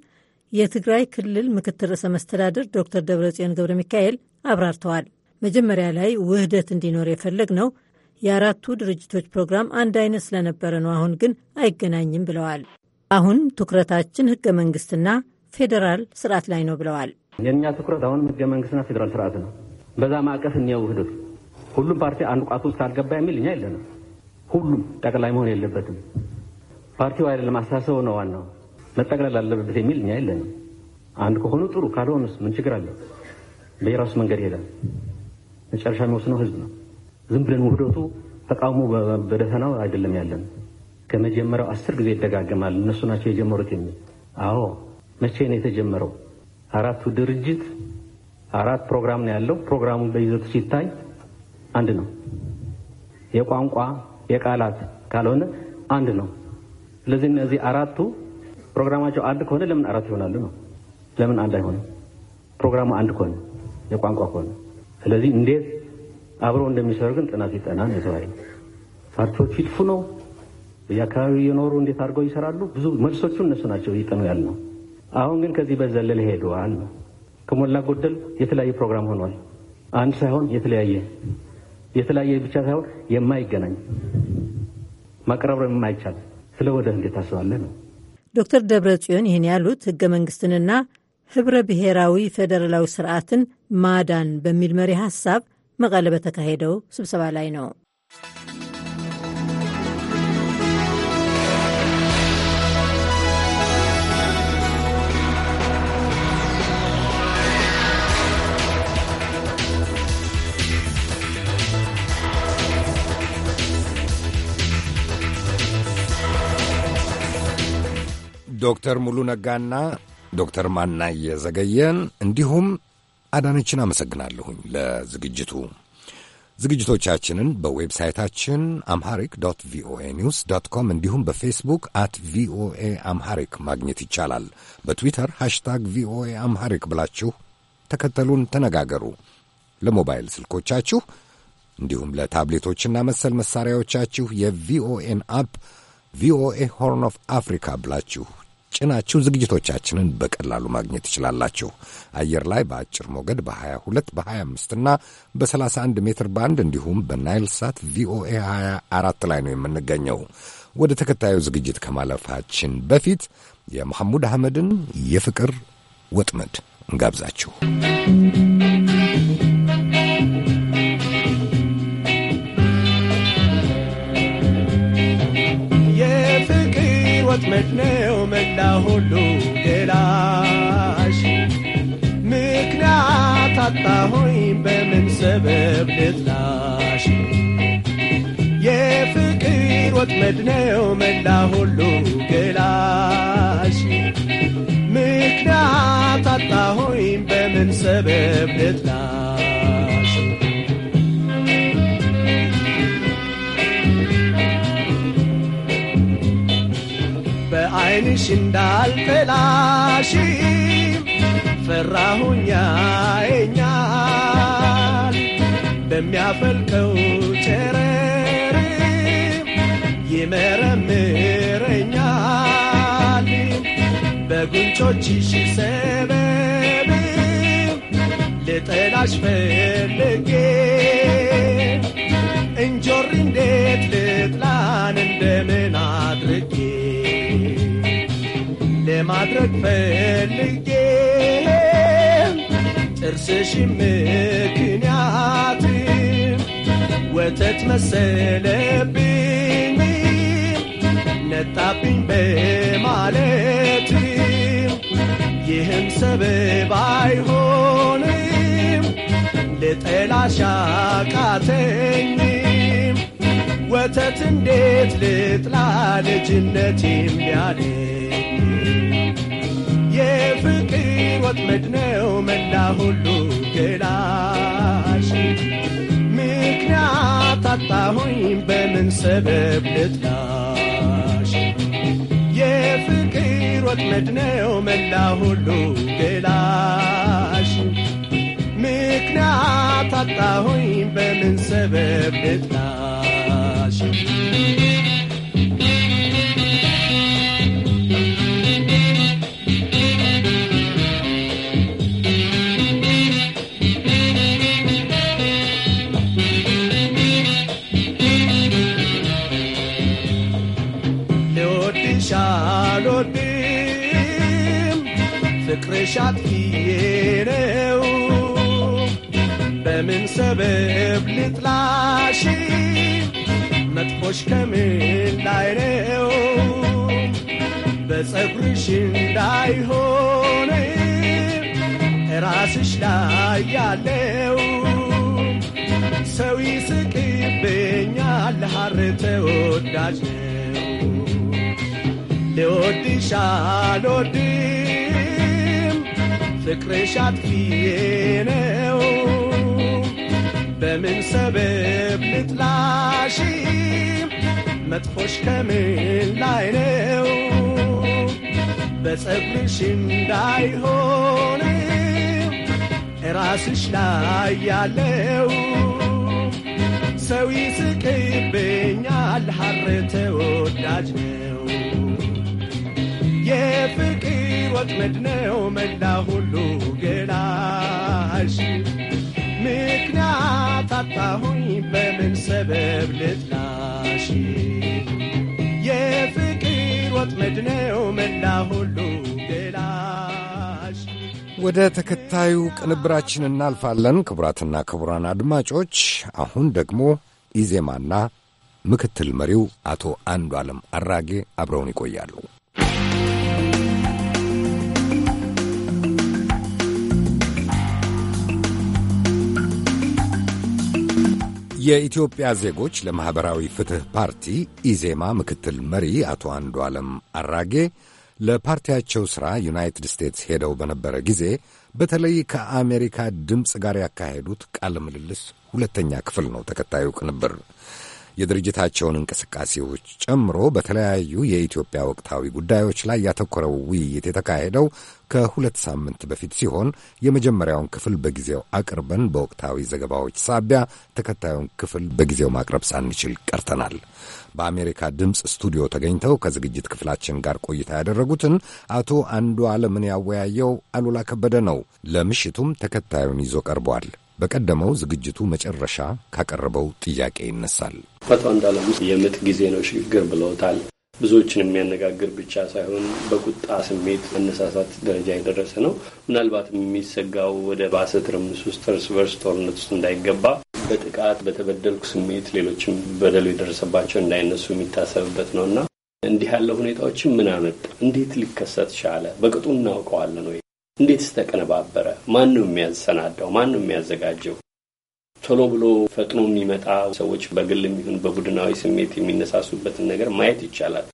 የትግራይ ክልል ምክትል ርዕሰ መስተዳድር ዶክተር ደብረጽዮን ገብረ ሚካኤል አብራርተዋል። መጀመሪያ ላይ ውህደት እንዲኖር የፈለግ ነው የአራቱ ድርጅቶች ፕሮግራም አንድ አይነት ስለነበረ ነው። አሁን ግን አይገናኝም ብለዋል። አሁን ትኩረታችን ህገ መንግስትና ፌዴራል ስርዓት ላይ ነው ብለዋል። የእኛ ትኩረት አሁንም ህገ መንግስትና ፌዴራል ስርዓት ነው። በዛ ማዕቀፍ እኒያው ውህደቱ ሁሉም ፓርቲ አንድ ቋት ውስጥ አልገባ የሚል እኛ የለንም። ሁሉም ጠቅላይ መሆን የለበትም ፓርቲው አይደለም አስተሳሰቡ ነው ዋናው መጠቅለል አለበት የሚል እኛ የለንም። አንድ ከሆኑ ጥሩ፣ ካልሆኑስ ምን ችግር አለ? በየራሱ መንገድ ይሄዳል። መጨረሻ የሚወስነው ህዝብ ነው። ዝም ብለን ውህደቱ ተቃውሞ በደፈናው አይደለም ያለን። ከመጀመሪያው አስር ጊዜ ይደጋገማል እነሱ ናቸው የጀመሩት የሚል አዎ፣ መቼ ነው የተጀመረው? አራቱ ድርጅት አራት ፕሮግራም ነው ያለው። ፕሮግራሙ በይዘቱ ሲታይ አንድ ነው። የቋንቋ የቃላት ካልሆነ አንድ ነው። ስለዚህ እነዚህ አራቱ ፕሮግራማቸው አንድ ከሆነ ለምን አራት ይሆናሉ ነው? ለምን አንድ አይሆንም? ፕሮግራሙ አንድ ከሆነ የቋንቋ ከሆነ ስለዚህ እንዴት አብረው እንደሚሰሩ ግን ጥናት ይጠናን የተባለ ፓርቲዎቹ ይጥፉ ነው። በየአካባቢው እየኖሩ እንዴት አድርገው ይሰራሉ? ብዙ መልሶቹ እነሱ ናቸው እየጠኑ ያል ነው። አሁን ግን ከዚህ በዘለል ሄደዋል ነው። ከሞላ ጎደል የተለያየ ፕሮግራም ሆኗል። አንድ ሳይሆን የተለያየ የተለያየ ብቻ ሳይሆን የማይገናኝ ማቅረብ የማይቻል ስለ ወደ እንዴት ታስባለህ ነው። ዶክተር ደብረ ጽዮን ይህን ያሉት ህገ መንግስትንና ህብረ ብሔራዊ ፌዴራላዊ ስርዓትን ማዳን በሚል መሪ ሀሳብ መቀለ በተካሄደው ስብሰባ ላይ ነው። ዶክተር ሙሉ ነጋና ዶክተር ማናየ ዘገየን እንዲሁም አዳነችን አመሰግናለሁኝ ለዝግጅቱ። ዝግጅቶቻችንን በዌብሳይታችን አምሃሪክ ዶት ቪኦኤ ኒውስ ዶት ኮም እንዲሁም በፌስቡክ አት ቪኦኤ አምሃሪክ ማግኘት ይቻላል። በትዊተር ሃሽታግ ቪኦኤ አምሃሪክ ብላችሁ ተከተሉን፣ ተነጋገሩ። ለሞባይል ስልኮቻችሁ እንዲሁም ለታብሌቶችና መሰል መሳሪያዎቻችሁ የቪኦኤን አፕ ቪኦኤ ሆርን ኦፍ አፍሪካ ብላችሁ ጭናችሁ ዝግጅቶቻችንን በቀላሉ ማግኘት ትችላላችሁ። አየር ላይ በአጭር ሞገድ በ22 በ25 እና በ31 ሜትር ባንድ እንዲሁም በናይል ሳት ቪኦኤ 24 ላይ ነው የምንገኘው። ወደ ተከታዩ ዝግጅት ከማለፋችን በፊት የመሐሙድ አህመድን የፍቅር ወጥመድ እንጋብዛችሁ። ወጥመድ ነው መላ ሁሉ ገላሽ ምክንያት አጣሆኝ በምን ሰበብ ልጥላሽ የፍቅር ወጥመድ ነው መላ ሁሉ ገላሽ ምክንያት አጣሆኝ በምን ሰበብ ልጥላሽ አይንሽ እንዳልፈላሽ ፈራሁኛ የኛል በሚያፈልቀው ጨረር ይመረምረኛል በጉንጮችሽ ሰበብ ልጠላሽ ፈልጌ እንጆሪ እንዴት ልጥላን እንደምን አድርጌ ለማድረግ ፈልጌ ጥርስሽ ምክንያት ወተት መሰለብኝ ነጣብኝ በማለት ይህም ሰበብ አይሆንም ልጠላሽ አቃተኝ ወተት እንዴት ልጥላ ልጅነት የሚያለ የፍቅር ወጥመድ ነው መላ ሁሉ ገላሽ ምክንያት አጣሁኝ በምን ሰበብ ልጥላሽ የፍቅር ወጥመድ ነው መላ ሁሉ ገላሽ ምክንያት አጣሁኝ በምን ሰበብ ልጥላሽ plajă. Creșat fiereu, pe mine se vede plitlașii. ሙሽከምን ላይነው በጸጉርሽ እንዳይሆነ ራስሽ ላይ ያለው ሰው ይስቅብኛል። ሐር ተወዳጅ ነው። ልወድሽ አልወድም ፍቅርሽ አጥፊዬ ነው። በምን ሰበብ ልጥላሽ መጥፎሽ ከምን ላይ ነው በጸጉርሽ እንዳይሆን እራስሽ ላይ ያለው ሰው ይስቅብኛል ሐር ተወዳጅ ነው የፍቅር ወጥመድ ነው መላ ሁሉ ገላሽ ምክንያት አጣሁኝ በምን ሰበብ ልጥላሽ የፍቅር ወጥመድ ነው መላ ሁሉ ገላሽ ወደ ተከታዩ ቅንብራችን እናልፋለን ክቡራትና ክቡራን አድማጮች አሁን ደግሞ ኢዜማና ምክትል መሪው አቶ አንዱ ዓለም አራጌ አብረውን ይቆያሉ የኢትዮጵያ ዜጎች ለማኅበራዊ ፍትሕ ፓርቲ ኢዜማ ምክትል መሪ አቶ አንዱ ዓለም አራጌ ለፓርቲያቸው ሥራ ዩናይትድ ስቴትስ ሄደው በነበረ ጊዜ በተለይ ከአሜሪካ ድምፅ ጋር ያካሄዱት ቃለ ምልልስ ሁለተኛ ክፍል ነው። ተከታዩ ቅንብር የድርጅታቸውን እንቅስቃሴዎች ጨምሮ በተለያዩ የኢትዮጵያ ወቅታዊ ጉዳዮች ላይ ያተኮረው ውይይት የተካሄደው ከሁለት ሳምንት በፊት ሲሆን የመጀመሪያውን ክፍል በጊዜው አቅርበን በወቅታዊ ዘገባዎች ሳቢያ ተከታዩን ክፍል በጊዜው ማቅረብ ሳንችል ቀርተናል። በአሜሪካ ድምፅ ስቱዲዮ ተገኝተው ከዝግጅት ክፍላችን ጋር ቆይታ ያደረጉትን አቶ አንዱ አለምን ያወያየው አሉላ ከበደ ነው። ለምሽቱም ተከታዩን ይዞ ቀርቧል። በቀደመው ዝግጅቱ መጨረሻ ካቀረበው ጥያቄ ይነሳል። አቶ አንዱዓለም የምጥ ጊዜ ነው ሽግግር ብለውታል። ብዙዎችን የሚያነጋግር ብቻ ሳይሆን በቁጣ ስሜት መነሳሳት ደረጃ የደረሰ ነው። ምናልባት የሚሰጋው ወደ ባሰ ትርምስ ውስጥ እርስ በርስ ጦርነት ውስጥ እንዳይገባ በጥቃት በተበደልኩ ስሜት ሌሎችም በደሉ የደረሰባቸው እንዳይነሱ የሚታሰብበት ነው እና እንዲህ ያለ ሁኔታዎችን ምን አመጣ? እንዴት ሊከሰት ቻለ? በቅጡ እናውቀዋለን ወይ? እንዴትስ ተቀነባበረ? ማን ነው የሚያሰናዳው? ማን ነው የሚያዘጋጀው? ቶሎ ብሎ ፈጥኖ የሚመጣ ሰዎች በግል የሚሆን በቡድናዊ ስሜት የሚነሳሱበትን ነገር ማየት ይቻላል።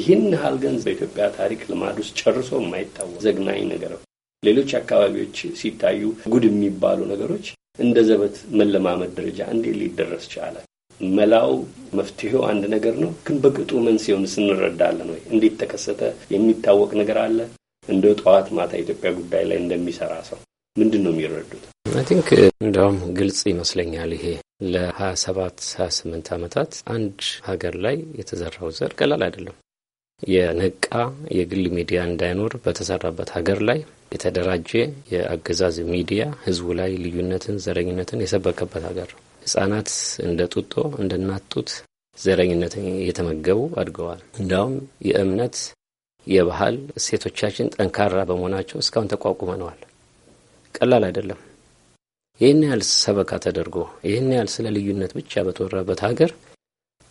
ይህን ያህል ገንዘብ በኢትዮጵያ ታሪክ ልማድ ውስጥ ጨርሶ የማይታወቅ ዘግናኝ ነገር ነው። ሌሎች አካባቢዎች ሲታዩ ጉድ የሚባሉ ነገሮች እንደ ዘበት መለማመድ ደረጃ እንዴት ሊደረስ ቻለ? መላው መፍትሄው አንድ ነገር ነው፣ ግን በቅጡ መንስኤውን ስንረዳለን ወይ? እንዴት ተከሰተ? የሚታወቅ ነገር አለ? እንደ ጠዋት ማታ ኢትዮጵያ ጉዳይ ላይ እንደሚሰራ ሰው ምንድን ነው የሚረዱት? አይ ቲንክ እንዲያውም ግልጽ ይመስለኛል ይሄ ለ ሰባት ሀያ ስምንት ዓመታት አንድ ሀገር ላይ የተዘራው ዘር ቀላል አይደለም። የነቃ የግል ሚዲያ እንዳይኖር በተሰራበት ሀገር ላይ የተደራጀ የአገዛዝ ሚዲያ ህዝቡ ላይ ልዩነትን፣ ዘረኝነትን የሰበከበት ሀገር ነው። ህጻናት እንደ ጡጦ እንደ እናት ጡት ዘረኝነትን እየተመገቡ አድገዋል። እንዲያውም የእምነት የባህል እሴቶቻችን ጠንካራ በመሆናቸው እስካሁን ተቋቁመነዋል። ቀላል አይደለም። ይህን ያህል ሰበካ ተደርጎ ይህን ያህል ስለ ልዩነት ብቻ በተወራበት ሀገር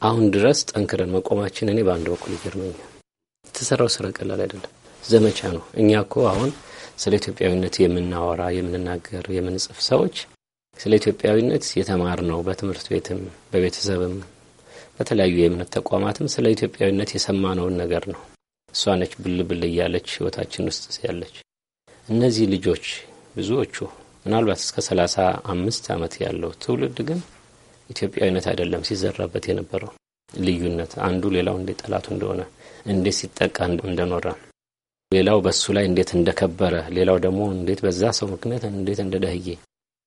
አሁን ድረስ ጠንክረን መቆማችን እኔ በአንድ በኩል ይገርመኛል። የተሰራው ስራ ቀላል አይደለም፣ ዘመቻ ነው። እኛ እኮ አሁን ስለ ኢትዮጵያዊነት የምናወራ የምንናገር፣ የምንጽፍ ሰዎች ስለ ኢትዮጵያዊነት የተማር ነው በትምህርት ቤትም በቤተሰብም በተለያዩ የእምነት ተቋማትም ስለ ኢትዮጵያዊነት የሰማነውን ነገር ነው። እሷ ነች ብል ብል እያለች ህይወታችን ውስጥ ያለች። እነዚህ ልጆች ብዙዎቹ ምናልባት እስከ ሰላሳ አምስት ዓመት ያለው ትውልድ ግን ኢትዮጵያዊነት አይደለም ሲዘራበት የነበረው ልዩነት፣ አንዱ ሌላው እንዴት ጠላቱ እንደሆነ፣ እንዴት ሲጠቃ እንደኖረ፣ ሌላው በሱ ላይ እንዴት እንደከበረ፣ ሌላው ደግሞ እንዴት በዛ ሰው ምክንያት እንዴት እንደደህዬ፣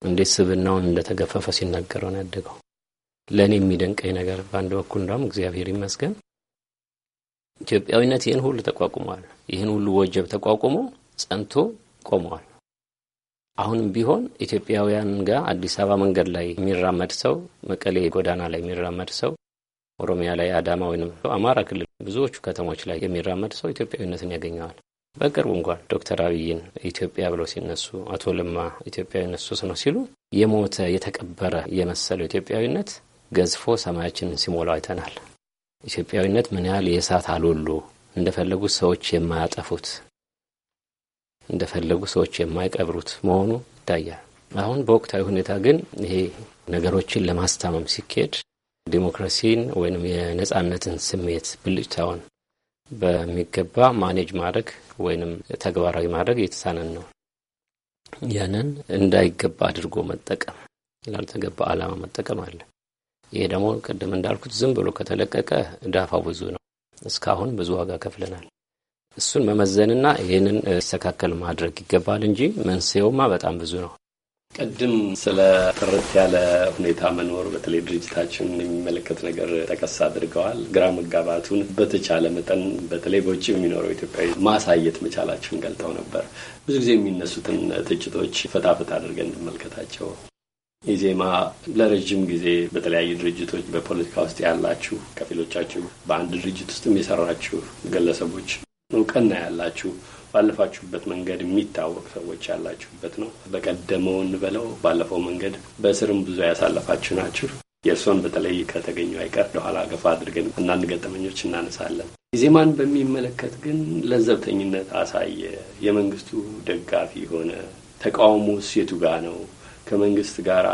እንዴት ስብናውን እንደተገፈፈ ሲናገረው ነው ያደገው። ለእኔ የሚደንቀኝ ነገር በአንድ በኩል እንዳውም እግዚአብሔር ይመስገን ኢትዮጵያዊነት ይህን ሁሉ ተቋቁመዋል። ይህን ሁሉ ወጀብ ተቋቁሞ ጸንቶ ቆመዋል። አሁንም ቢሆን ኢትዮጵያውያን ጋር አዲስ አበባ መንገድ ላይ የሚራመድ ሰው፣ መቀሌ ጎዳና ላይ የሚራመድ ሰው፣ ኦሮሚያ ላይ አዳማ ወይም አማራ ክልል ብዙዎቹ ከተሞች ላይ የሚራመድ ሰው ኢትዮጵያዊነትን ያገኘዋል። በቅርቡ እንኳን ዶክተር አብይን ኢትዮጵያ ብለው ሲነሱ አቶ ለማ ኢትዮጵያዊነት ሱስ ነው ሲሉ የሞተ የተቀበረ የመሰለው ኢትዮጵያዊነት ገዝፎ ሰማያችንን ሲሞላው አይተናል። ኢትዮጵያዊነት ምን ያህል የእሳት አልወሉ እንደፈለጉ ሰዎች የማያጠፉት እንደፈለጉ ሰዎች የማይቀብሩት መሆኑ ይታያል። አሁን በወቅታዊ ሁኔታ ግን ይሄ ነገሮችን ለማስታመም ሲኬድ ዲሞክራሲን ወይም የነጻነትን ስሜት ብልጭታውን በሚገባ ማኔጅ ማድረግ ወይንም ተግባራዊ ማድረግ እየተሳነን ነው። ያንን እንዳይገባ አድርጎ መጠቀም ላልተገባ ዓላማ መጠቀም አለ። ይሄ ደግሞ ቅድም እንዳልኩት ዝም ብሎ ከተለቀቀ ዳፋው ብዙ ነው። እስካሁን ብዙ ዋጋ ከፍለናል። እሱን መመዘንና ይህንን ይስተካከል ማድረግ ይገባል እንጂ መንስኤውማ በጣም ብዙ ነው። ቅድም ስለ ጥርት ያለ ሁኔታ መኖር በተለይ ድርጅታችን የሚመለከት ነገር ጠቀስ አድርገዋል። ግራ መጋባቱን በተቻለ መጠን በተለይ በውጭ የሚኖረው ኢትዮጵያዊ ማሳየት መቻላችሁን ገልጠው ነበር። ብዙ ጊዜ የሚነሱትን ትችቶች ፈታፈት አድርገን እንመልከታቸው። ኢዜማ ለረጅም ጊዜ በተለያዩ ድርጅቶች በፖለቲካ ውስጥ ያላችሁ ከፊሎቻችሁ በአንድ ድርጅት ውስጥም የሰራችሁ ግለሰቦች እውቅና ያላችሁ ባለፋችሁበት መንገድ የሚታወቅ ሰዎች ያላችሁበት ነው። በቀደመው እንበለው ባለፈው መንገድ በስርም ብዙ ያሳለፋችሁ ናችሁ። የእርሶን በተለይ ከተገኙ አይቀር ደኋላ ገፋ አድርገን አንዳንድ ገጠመኞች እናነሳለን። ኢዜማን በሚመለከት ግን ለዘብተኝነት አሳየ፣ የመንግስቱ ደጋፊ ሆነ፣ ተቃውሞ ሴቱ ጋ ነው? ከመንግስት ጋር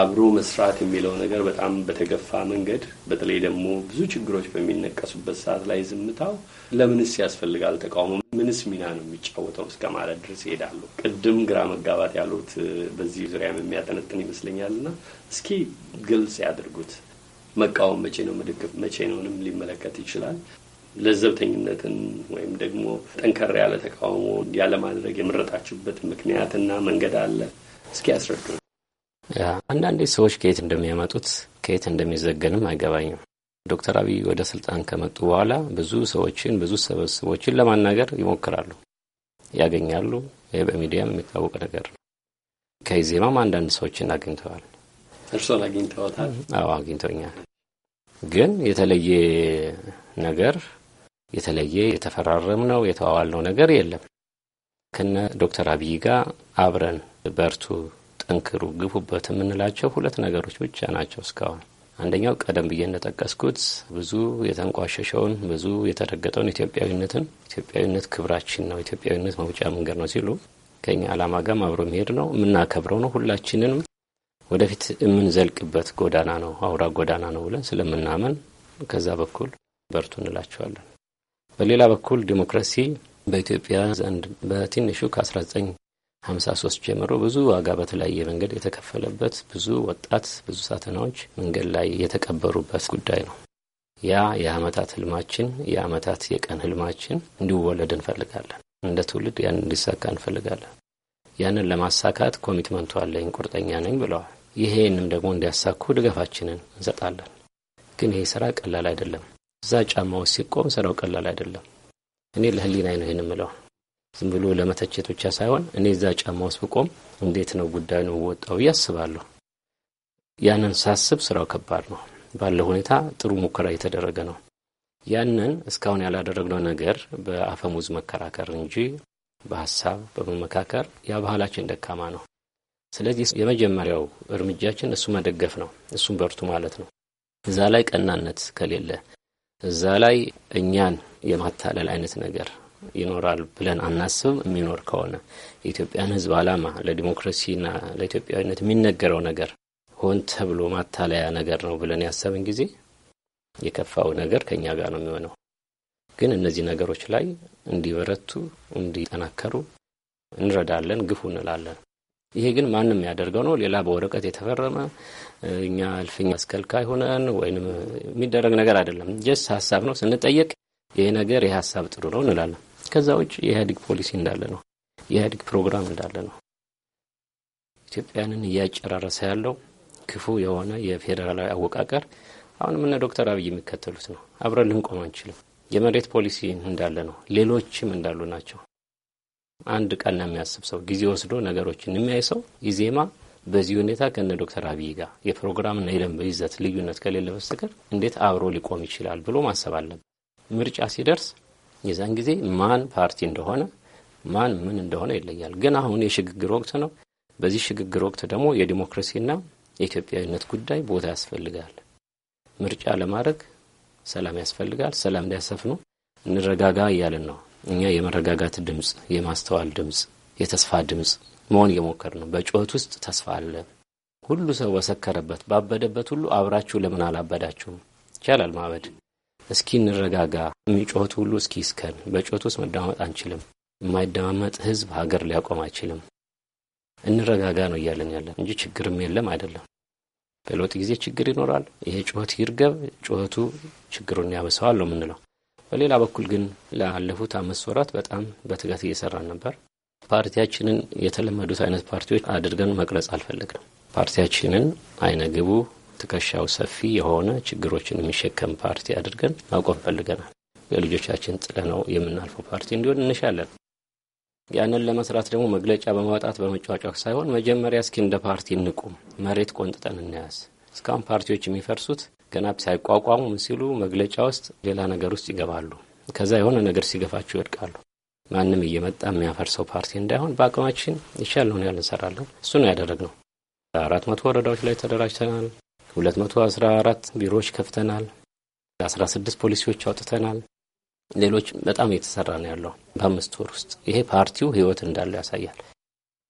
አብሮ መስራት የሚለው ነገር በጣም በተገፋ መንገድ በተለይ ደግሞ ብዙ ችግሮች በሚነቀሱበት ሰዓት ላይ ዝምታው ለምንስ ያስፈልጋል? ተቃውሞ ምንስ ሚና ነው የሚጫወተው? እስከ ማለት ድረስ ይሄዳሉ። ቅድም ግራ መጋባት ያሉት በዚህ ዙሪያም የሚያጠነጥን ና እስኪ ግልጽ ያድርጉት። መቃወም መቼ ነው ምልክት፣ መቼ ነውንም ሊመለከት ይችላል ለዘብተኝነትን ወይም ደግሞ ጠንከር ያለ ተቃውሞ ያለማድረግ የመረጣችሁበት ምክንያትና መንገድ አለ? እስኪ ያስረዱ። አንዳንዴ ሰዎች ከየት እንደሚያመጡት ከየት እንደሚዘገንም አይገባኝም። ዶክተር አብይ ወደ ስልጣን ከመጡ በኋላ ብዙ ሰዎችን ብዙ ስብስቦችን ለማናገር ይሞክራሉ፣ ያገኛሉ። ይህ በሚዲያም የሚታወቅ ነገር ነው። ከኢዜማም አንዳንድ ሰዎችን አግኝተዋል። እርሶን አግኝተዋታል? አዎ አግኝተውኛል። ግን የተለየ ነገር የተለየ የተዋዋል ነው ነገር የለም። ከነ ዶክተር አብይ ጋር አብረን በርቱ፣ ጠንክሩ፣ ግፉበት የምንላቸው ሁለት ነገሮች ብቻ ናቸው እስካሁን። አንደኛው ቀደም ብዬ እንደጠቀስኩት ብዙ የተንቋሸሸውን ብዙ የተረገጠውን ኢትዮጵያዊነትን ኢትዮጵያዊነት ክብራችን ነው፣ ኢትዮጵያዊነት መውጫ መንገድ ነው ሲሉ ከኛ ዓላማ ጋር አብሮ መሄድ ነው፣ የምናከብረው ነው፣ ሁላችንንም ወደፊት የምንዘልቅበት ጎዳና ነው፣ አውራ ጎዳና ነው ብለን ስለምናመን ከዛ በኩል በርቱ እንላቸዋለን። በሌላ በኩል ዲሞክራሲ በኢትዮጵያ ዘንድ በትንሹ ከ19 ሀምሳ ሶስት ጀምሮ ብዙ ዋጋ በተለያየ መንገድ የተከፈለበት ብዙ ወጣት ብዙ ሳተናዎች መንገድ ላይ የተቀበሩበት ጉዳይ ነው። ያ የአመታት ህልማችን የአመታት የቀን ህልማችን እንዲወለድ እንፈልጋለን። እንደ ትውልድ ያን እንዲሳካ እንፈልጋለን። ያንን ለማሳካት ኮሚትመንቱ አለኝ፣ ቁርጠኛ ነኝ ብለዋል። ይሄንም ደግሞ እንዲያሳኩ ድጋፋችንን እንሰጣለን። ግን ይሄ ስራ ቀላል አይደለም። እዛ ጫማ ውስጥ ሲቆም ስራው ቀላል አይደለም። እኔ ለህሊና ነው ይህን ምለው ዝም ብሎ ለመተቸት ብቻ ሳይሆን እኔ እዛ ጫማ ውስጥ ብቆም እንዴት ነው ጉዳዩን ወጣው ብዬ አስባለሁ። ያንን ሳስብ ስራው ከባድ ነው። ባለው ሁኔታ ጥሩ ሙከራ እየተደረገ ነው። ያንን እስካሁን ያላደረግነው ነገር በአፈሙዝ መከራከር እንጂ በሀሳብ በመመካከር ያ ባህላችን ደካማ ነው። ስለዚህ የመጀመሪያው እርምጃችን እሱ መደገፍ ነው። እሱም በርቱ ማለት ነው። እዛ ላይ ቀናነት ከሌለ እዛ ላይ እኛን የማታለል አይነት ነገር ይኖራል ብለን አናስብም። የሚኖር ከሆነ የኢትዮጵያን ሕዝብ አላማ ለዲሞክራሲና ለኢትዮጵያዊነት የሚነገረው ነገር ሆን ተብሎ ማታለያ ነገር ነው ብለን ያሰብን ጊዜ የከፋው ነገር ከእኛ ጋር ነው የሚሆነው። ግን እነዚህ ነገሮች ላይ እንዲበረቱ እንዲጠናከሩ እንረዳለን፣ ግፉ እንላለን። ይሄ ግን ማንም ያደርገው ነው። ሌላ በወረቀት የተፈረመ እኛ እልፍኝ አስከልካይ ሆነን ወይም የሚደረግ ነገር አይደለም። ጀስ ሀሳብ ነው። ስንጠየቅ ይሄ ነገር ይህ ሀሳብ ጥሩ ነው እንላለን። ከዛ ውጭ የኢህአዴግ ፖሊሲ እንዳለ ነው። የኢህአዴግ ፕሮግራም እንዳለ ነው። ኢትዮጵያንን እያጨራረሰ ያለው ክፉ የሆነ የፌዴራላዊ አወቃቀር አሁንም እነ ዶክተር አብይ የሚከተሉት ነው። አብረን ልንቆም አንችልም። የመሬት ፖሊሲ እንዳለ ነው። ሌሎችም እንዳሉ ናቸው። አንድ ቀን የሚያስብ ሰው ጊዜ ወስዶ ነገሮችን የሚያይ ሰው ኢዜማ በዚህ ሁኔታ ከነ ዶክተር አብይ ጋር የፕሮግራምና የደንብ ይዘት ልዩነት ከሌለ በስተቀር እንዴት አብሮ ሊቆም ይችላል ብሎ ማሰብ አለበት። ምርጫ ሲደርስ የዛን ጊዜ ማን ፓርቲ እንደሆነ ማን ምን እንደሆነ ይለያል። ግን አሁን የሽግግር ወቅት ነው። በዚህ ሽግግር ወቅት ደግሞ የዲሞክራሲና የኢትዮጵያዊነት ጉዳይ ቦታ ያስፈልጋል። ምርጫ ለማድረግ ሰላም ያስፈልጋል። ሰላም እንዲያሰፍኑ እንረጋጋ እያልን ነው። እኛ የመረጋጋት ድምፅ፣ የማስተዋል ድምፅ፣ የተስፋ ድምፅ መሆን እየሞከር ነው። በጩኸት ውስጥ ተስፋ አለ። ሁሉ ሰው በሰከረበት ባበደበት ሁሉ አብራችሁ ለምን አላበዳችሁም? ይቻላል ማበድ እስኪ እንረጋጋ፣ የሚጮኸቱ ሁሉ እስኪ ይስከን። በጩኸት ውስጥ መደማመጥ አንችልም። የማይደማመጥ ህዝብ ሀገር ሊያቆም አይችልም። እንረጋጋ ነው እያለን ያለ እንጂ ችግርም የለም አይደለም። በለውጥ ጊዜ ችግር ይኖራል። ይሄ ጩኸት ይርገብ፣ ጩኸቱ ችግሩን ያበሰዋል ነው የምንለው። በሌላ በኩል ግን ላለፉት አምስት ወራት በጣም በትጋት እየሰራን ነበር። ፓርቲያችንን የተለመዱት አይነት ፓርቲዎች አድርገን መቅረጽ አልፈለግንም። ፓርቲያችንን አይነ ግቡ ትከሻው ሰፊ የሆነ ችግሮችን የሚሸከም ፓርቲ አድርገን ማቆም ፈልገናል። የልጆቻችን ጥለ ነው የምናልፈው ፓርቲ እንዲሆን እንሻለን። ያንን ለመስራት ደግሞ መግለጫ በማውጣት በመጫወጫ ሳይሆን መጀመሪያ እስኪ እንደ ፓርቲ እንቁም፣ መሬት ቆንጥጠን እናያዝ። እስካሁን ፓርቲዎች የሚፈርሱት ገና ሳይቋቋሙ ሲሉ መግለጫ ውስጥ ሌላ ነገር ውስጥ ይገባሉ። ከዛ የሆነ ነገር ሲገፋቸው ይወድቃሉ። ማንም እየመጣ የሚያፈርሰው ፓርቲ እንዳይሆን በአቅማችን ይቻል ነው ያህል እንሰራለን። እሱ ነው ያደረግነው። አራት መቶ ወረዳዎች ላይ ተደራጅተናል። 214 ቢሮዎች ከፍተናል። 16 ፖሊሲዎች አውጥተናል። ሌሎች በጣም እየተሰራ ነው ያለው በአምስት ወር ውስጥ። ይሄ ፓርቲው ህይወት እንዳለው ያሳያል።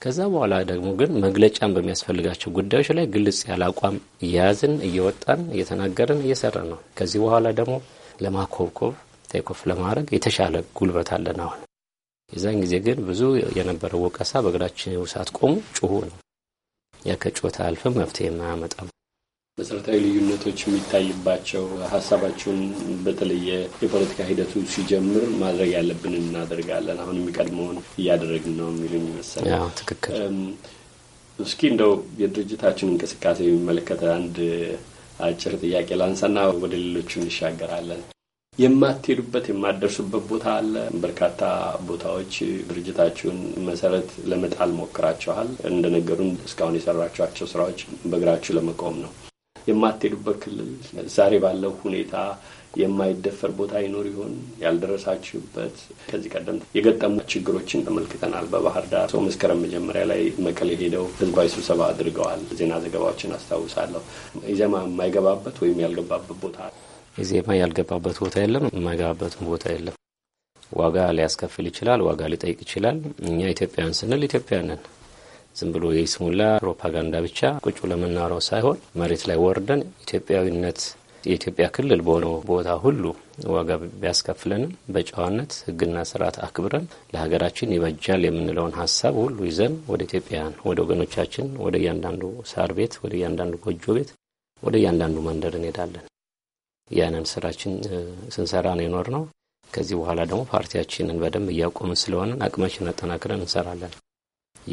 ከዛ በኋላ ደግሞ ግን መግለጫን በሚያስፈልጋቸው ጉዳዮች ላይ ግልጽ ያለ አቋም እየያዝን እየወጣን እየተናገርን እየሰራን ነው። ከዚህ በኋላ ደግሞ ለማኮብኮብ ቴኮፍ ለማድረግ የተሻለ ጉልበት አለን አሁን። የዛን ጊዜ ግን ብዙ የነበረው ወቀሳ በእግራችን ውሳት ቆሙ ጩሁ ነው ያ ከጩኸት አልፍም መፍትሄ የማያመጣም መሰረታዊ ልዩነቶች የሚታይባቸው ሀሳባቸውን በተለየ የፖለቲካ ሂደቱ ሲጀምር ማድረግ ያለብን እናደርጋለን፣ አሁን የሚቀድመውን እያደረግን ነው የሚሉኝ ይመስላል። ትክክል። እስኪ እንደው የድርጅታችን እንቅስቃሴ የሚመለከት አንድ አጭር ጥያቄ ላንሳና ወደ ሌሎቹ እንሻገራለን። የማትሄዱበት የማደርሱበት ቦታ አለ። በርካታ ቦታዎች ድርጅታችሁን መሰረት ለመጣል ሞክራችኋል። እንደነገሩን እስካሁን የሰራችኋቸው ስራዎች በእግራችሁ ለመቆም ነው። የማትሄዱበት ክልል ዛሬ ባለው ሁኔታ የማይደፈር ቦታ ይኖር ይሆን? ያልደረሳችሁበት ከዚህ ቀደም የገጠሙ ችግሮችን ተመልክተናል። በባህር ዳር ሰው መስከረም መጀመሪያ ላይ መቀሌ ሄደው ህዝባዊ ስብሰባ አድርገዋል። ዜና ዘገባዎችን አስታውሳለሁ። ኢዜማ የማይገባበት ወይም ያልገባበት ቦታ ኢዜማ ያልገባበት ቦታ የለም፣ የማይገባበትም ቦታ የለም። ዋጋ ሊያስከፍል ይችላል፣ ዋጋ ሊጠይቅ ይችላል። እኛ ኢትዮጵያውያን ስንል ኢትዮጵያውያን ነን። ዝም ብሎ የይስሙላ ፕሮፓጋንዳ ብቻ ቁጭ ለምናወራው ሳይሆን መሬት ላይ ወርደን ኢትዮጵያዊነት የኢትዮጵያ ክልል በሆነው ቦታ ሁሉ ዋጋ ቢያስከፍለንም በጨዋነት ሕግና ስርዓት አክብረን ለሀገራችን ይበጃል የምንለውን ሀሳብ ሁሉ ይዘን ወደ ኢትዮጵያውያን፣ ወደ ወገኖቻችን፣ ወደ እያንዳንዱ ሳር ቤት፣ ወደ እያንዳንዱ ጎጆ ቤት፣ ወደ እያንዳንዱ መንደር እንሄዳለን። ያንን ስራችን ስንሰራ ነው የኖር ነው። ከዚህ በኋላ ደግሞ ፓርቲያችንን በደንብ እያቆምን ስለሆነ አቅማችን አጠናክረን እንሰራለን።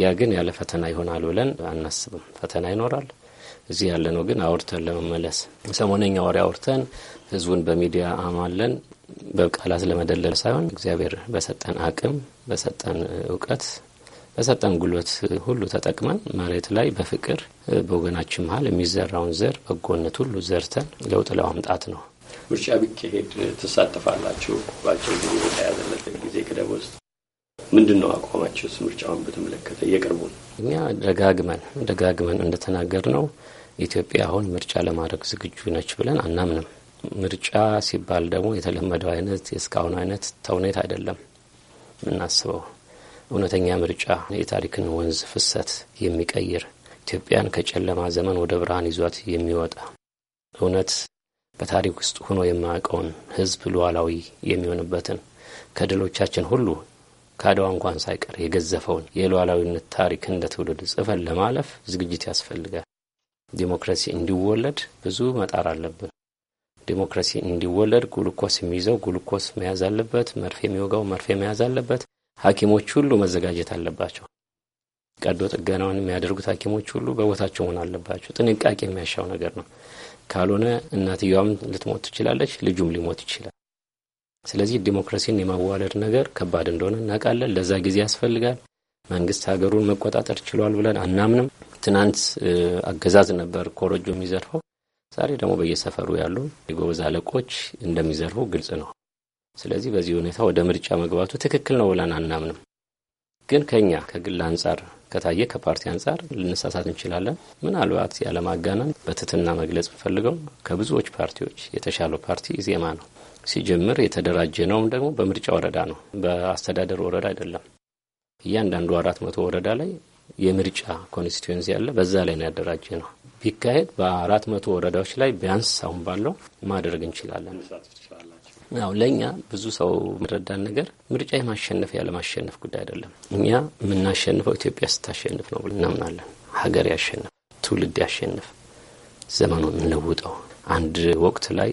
ያ ግን ያለ ፈተና ይሆናል ብለን አናስብም። ፈተና ይኖራል። እዚህ ያለ ነው ግን አውርተን ለመመለስ ሰሞነኛ ወሬ አውርተን ህዝቡን በሚዲያ አማለን በቃላት ለመደለል ሳይሆን እግዚአብሔር በሰጠን አቅም፣ በሰጠን እውቀት፣ በሰጠን ጉልበት ሁሉ ተጠቅመን መሬት ላይ በፍቅር በወገናችን መሀል የሚዘራውን ዘር በጎነት ሁሉ ዘርተን ለውጥ ለማምጣት ነው። ምርጫ ቢካሄድ ትሳተፋላችሁ? ባጭር ጊዜ በተያዘለት ጊዜ ምንድን ነው አቋማቸው? ምርጫውን በተመለከተ እየቀርቡ ነው። እኛ ደጋግመን ደጋግመን እንደተናገር ነው ኢትዮጵያ አሁን ምርጫ ለማድረግ ዝግጁ ነች ብለን አናምንም። ምርጫ ሲባል ደግሞ የተለመደው አይነት የስካሁን አይነት ተውኔት አይደለም የምናስበው። እውነተኛ ምርጫ የታሪክን ወንዝ ፍሰት የሚቀይር ኢትዮጵያን ከጨለማ ዘመን ወደ ብርሃን ይዟት የሚወጣ እውነት በታሪክ ውስጥ ሆኖ የማያውቀውን ሕዝብ ሉዓላዊ የሚሆንበትን ከድሎቻችን ሁሉ ከአድዋ እንኳን ሳይቀር የገዘፈውን የሉዓላዊነት ታሪክ እንደ ትውልድ ጽፈን ለማለፍ ዝግጅት ያስፈልጋል። ዲሞክራሲ እንዲወለድ ብዙ መጣር አለብን። ዲሞክራሲ እንዲወለድ ጉልኮስ የሚይዘው ጉልኮስ መያዝ አለበት። መርፌ የሚወጋው መርፌ መያዝ አለበት። ሐኪሞች ሁሉ መዘጋጀት አለባቸው። ቀዶ ጥገናውን የሚያደርጉት ሐኪሞች ሁሉ በቦታቸው መሆን አለባቸው። ጥንቃቄ የሚያሻው ነገር ነው። ካልሆነ እናትየዋም ልትሞት ትችላለች፣ ልጁም ሊሞት ይችላል። ስለዚህ ዲሞክራሲን የማዋለድ ነገር ከባድ እንደሆነ እናውቃለን። ለዛ ጊዜ ያስፈልጋል። መንግስት ሀገሩን መቆጣጠር ችሏል ብለን አናምንም። ትናንት አገዛዝ ነበር ኮረጆ የሚዘርፈው፣ ዛሬ ደግሞ በየሰፈሩ ያሉ የጎበዝ አለቆች እንደሚዘርፉ ግልጽ ነው። ስለዚህ በዚህ ሁኔታ ወደ ምርጫ መግባቱ ትክክል ነው ብለን አናምንም። ግን ከኛ ከግል አንጻር ከታየ ከፓርቲ አንጻር ልንሳሳት እንችላለን። ምናልባት ያለማጋነን በትትና መግለጽ ፈልገው ከብዙዎች ፓርቲዎች የተሻለው ፓርቲ ኢዜማ ነው። ሲጀምር የተደራጀ ነውም ደግሞ በምርጫ ወረዳ ነው፣ በአስተዳደር ወረዳ አይደለም። እያንዳንዱ አራት መቶ ወረዳ ላይ የምርጫ ኮንስቲትዌንሲ ያለ በዛ ላይ ነው ያደራጀ ነው። ቢካሄድ በአራት መቶ ወረዳዎች ላይ ቢያንስ አሁን ባለው ማድረግ እንችላለን። ያው ለእኛ ብዙ ሰው መረዳን ነገር ምርጫ የማሸነፍ ያለማሸነፍ ጉዳይ አይደለም። እኛ የምናሸንፈው ኢትዮጵያ ስታሸንፍ ነው ብለን እናምናለን። ሀገር ያሸንፍ፣ ትውልድ ያሸንፍ፣ ዘመኑን እንለውጠው። አንድ ወቅት ላይ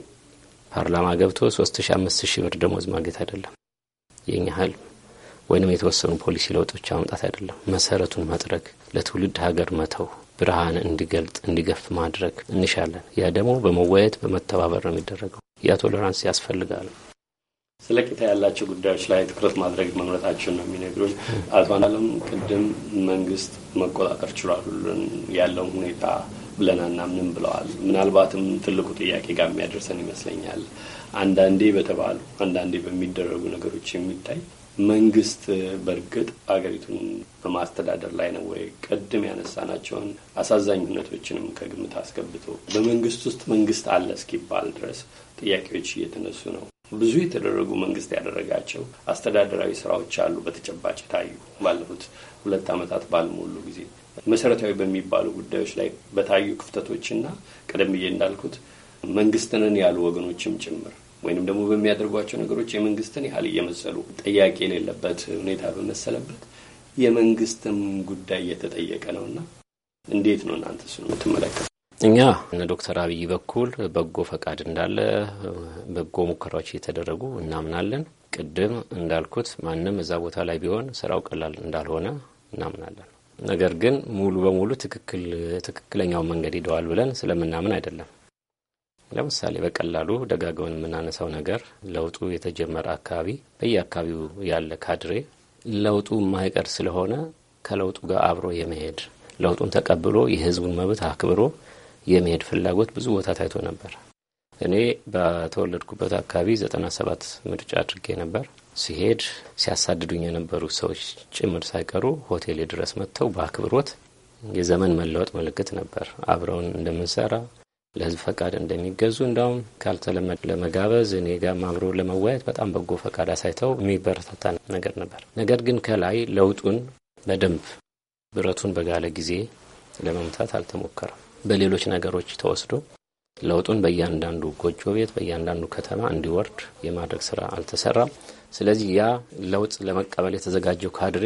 ፓርላማ ገብቶ ሶስት ሺ አምስት ሺ ብር ደሞዝ ማግኘት አይደለም የኛ ህልም ወይንም የተወሰኑ ፖሊሲ ለውጦች ማምጣት አይደለም። መሰረቱን መጥረግ፣ ለትውልድ ሀገር መተው፣ ብርሃን እንዲገልጥ እንዲገፍ ማድረግ እንሻለን። ያ ደግሞ በመወያየት በመተባበር ነው የሚደረገው። ያ ቶለራንስ ያስፈልጋል። ቂታ ያላቸው ጉዳዮች ላይ ትኩረት ማድረግ መምረጣቸውን ነው የሚነግሩኝ። አቶ ለም ቅድም መንግስት መቆጣጠር ችሏሉን ያለውን ሁኔታ ብለን አናምንም ብለዋል። ምናልባትም ትልቁ ጥያቄ ጋር የሚያደርሰን ይመስለኛል። አንዳንዴ በተባሉ አንዳንዴ በሚደረጉ ነገሮች የሚታይ መንግስት በእርግጥ አገሪቱን በማስተዳደር ላይ ነው ወይ? ቅድም ያነሳናቸውን አሳዛኝ ሁነቶችንም ከግምት አስገብቶ በመንግስት ውስጥ መንግስት አለ እስኪባል ድረስ ጥያቄዎች እየተነሱ ነው። ብዙ የተደረጉ መንግስት ያደረጋቸው አስተዳደራዊ ስራዎች አሉ። በተጨባጭ ታዩ ባለፉት ሁለት ዓመታት ባልሞሉ ጊዜ መሰረታዊ በሚባሉ ጉዳዮች ላይ በታዩ ክፍተቶችና ቀደም ብዬ እንዳልኩት መንግስትንን ያሉ ወገኖችም ጭምር ወይንም ደግሞ በሚያደርጓቸው ነገሮች የመንግስትን ያህል እየመሰሉ ጥያቄ የሌለበት ሁኔታ በመሰለበት የመንግስትም ጉዳይ እየተጠየቀ ነውና እንዴት ነው እናንተ ስ የምትመለከቱ? እኛ ዶክተር አብይ በኩል በጎ ፈቃድ እንዳለ በጎ ሙከራዎች እየተደረጉ እናምናለን። ቅድም እንዳልኩት ማንም እዛ ቦታ ላይ ቢሆን ስራው ቀላል እንዳልሆነ እናምናለን። ነገር ግን ሙሉ በሙሉ ትክክል ትክክለኛው መንገድ ሄደዋል ብለን ስለምናምን አይደለም። ለምሳሌ በቀላሉ ደጋግመን የምናነሳው ነገር ለውጡ የተጀመረ አካባቢ በየአካባቢው ያለ ካድሬ ለውጡ የማይቀር ስለሆነ ከለውጡ ጋር አብሮ የመሄድ ለውጡን ተቀብሎ የህዝቡን መብት አክብሮ የመሄድ ፍላጎት ብዙ ቦታ ታይቶ ነበር። እኔ በተወለድኩበት አካባቢ ዘጠና ሰባት ምርጫ አድርጌ ነበር። ሲሄድ ሲያሳድዱኝ የነበሩ ሰዎች ጭምር ሳይቀሩ ሆቴሌ ድረስ መጥተው በአክብሮት የዘመን መለወጥ ምልክት ነበር አብረውን እንደምንሰራ ለህዝብ ፈቃድ እንደሚገዙ እንዳውም ካልተለመደ ለመጋበዝ እኔ ጋር አብሮ ለመወያየት በጣም በጎ ፈቃድ አሳይተው የሚበረታታ ነገር ነበር። ነገር ግን ከላይ ለውጡን በደንብ ብረቱን በጋለ ጊዜ ለመምታት አልተሞከረም። በሌሎች ነገሮች ተወስዶ ለውጡን በእያንዳንዱ ጎጆ ቤት በእያንዳንዱ ከተማ እንዲወርድ የማድረግ ስራ አልተሰራም። ስለዚህ ያ ለውጥ ለመቀበል የተዘጋጀው ካድሬ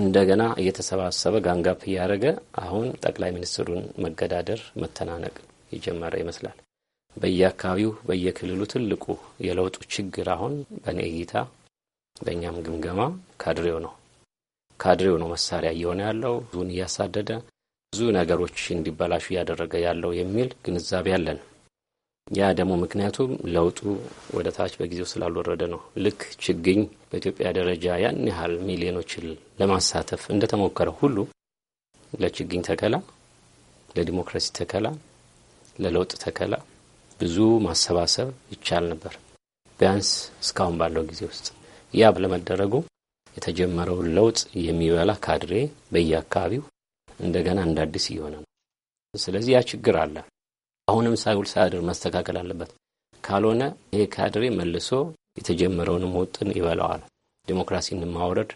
እንደገና እየተሰባሰበ ጋንጋፕ እያደረገ አሁን ጠቅላይ ሚኒስትሩን መገዳደር፣ መተናነቅ የጀመረ ይመስላል። በየአካባቢው በየክልሉ ትልቁ የለውጡ ችግር አሁን በእኔ እይታ፣ በእኛም ግምገማ ካድሬው ነው። ካድሬው ነው መሳሪያ እየሆነ ያለው ዙን እያሳደደ ብዙ ነገሮች እንዲበላሹ እያደረገ ያለው የሚል ግንዛቤ አለን። ያ ደግሞ ምክንያቱም ለውጡ ወደ ታች በጊዜው ስላልወረደ ነው። ልክ ችግኝ በኢትዮጵያ ደረጃ ያን ያህል ሚሊዮኖችን ለማሳተፍ እንደተሞከረ ሁሉ ለችግኝ ተከላ፣ ለዲሞክራሲ ተከላ፣ ለለውጥ ተከላ ብዙ ማሰባሰብ ይቻል ነበር ቢያንስ እስካሁን ባለው ጊዜ ውስጥ ያ ለመደረጉ የተጀመረውን ለውጥ የሚበላ ካድሬ በየአካባቢው እንደገና እንደ አዲስ እየሆነ ነው። ስለዚህ ያ ችግር አለ። አሁንም ሳይውል ሳያድር መስተካከል አለበት። ካልሆነ ይሄ ካድሬ መልሶ የተጀመረውንም ውጥን ይበላዋል። ዴሞክራሲን ማውረድ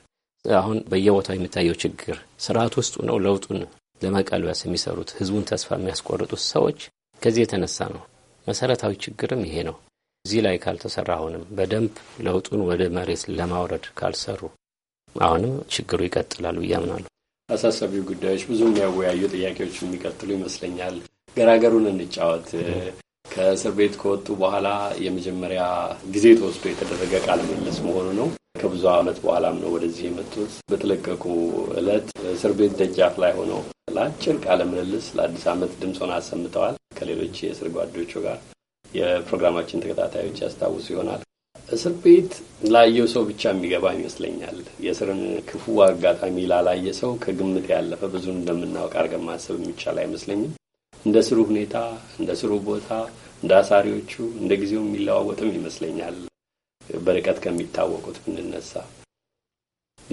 አሁን በየቦታው የሚታየው ችግር ስርዓት ውስጥ ነው። ለውጡን ለመቀልበስ የሚሰሩት ህዝቡን ተስፋ የሚያስቆርጡት ሰዎች ከዚህ የተነሳ ነው። መሰረታዊ ችግርም ይሄ ነው። እዚህ ላይ ካልተሰራ አሁንም በደንብ ለውጡን ወደ መሬት ለማውረድ ካልሰሩ አሁንም ችግሩ ይቀጥላል ብዬ አምናለሁ። አሳሳቢ ጉዳዮች ብዙ የሚያወያዩ ጥያቄዎች የሚቀጥሉ ይመስለኛል። ገራገሩን እንጫወት። ከእስር ቤት ከወጡ በኋላ የመጀመሪያ ጊዜ ተወስዶ የተደረገ ቃለ ምልልስ መሆኑ ነው። ከብዙ ዓመት በኋላም ነው ወደዚህ የመጡት። በተለቀቁ ዕለት እስር ቤት ደጃፍ ላይ ሆነው ለአጭር ቃለ ምልልስ ለአዲስ ዓመት ድምፆን አሰምተዋል። ከሌሎች የእስር ጓዶቹ ጋር የፕሮግራማችን ተከታታዮች ያስታውሱ ይሆናል። እስር ቤት ላየው ሰው ብቻ የሚገባ ይመስለኛል። የእስርን ክፉ አጋጣሚ ላላየ ሰው ከግምት ያለፈ ብዙ እንደምናውቅ አድርገን ማሰብ የሚቻል አይመስለኝም። እንደ እስሩ ሁኔታ፣ እንደ እስሩ ቦታ፣ እንደ አሳሪዎቹ፣ እንደ ጊዜው የሚለዋወጥም ይመስለኛል። በርቀት ከሚታወቁት ብንነሳ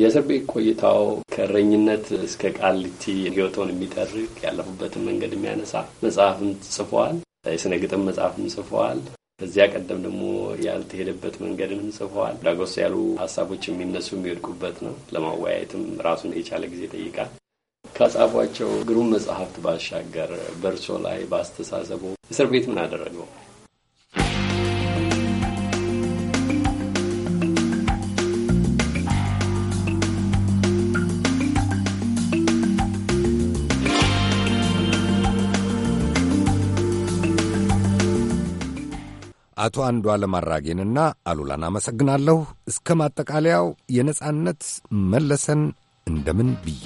የእስር ቤት ቆይታው ከእረኝነት እስከ ቃሊቲ ህይወቶን የሚጠርቅ ያለፉበትን መንገድ የሚያነሳ መጽሐፍም ጽፈዋል። የስነ ግጥም መጽሐፍም ጽፈዋል። ከዚያ ቀደም ደግሞ ያልተሄደበት መንገድንም ጽፈዋል። ዳጎስ ያሉ ሀሳቦች የሚነሱ የሚወድቁበት ነው። ለማወያየትም ራሱን የቻለ ጊዜ ይጠይቃል። ከጻፏቸው ግሩም መጽሐፍት ባሻገር በእርሶ ላይ በአስተሳሰቡ እስር ቤት ምን አደረገው? አቶ አንዱ ዓለም አራጌንና አሉላን አመሰግናለሁ። እስከ ማጠቃለያው የነጻነት መለሰን እንደምን ብዬ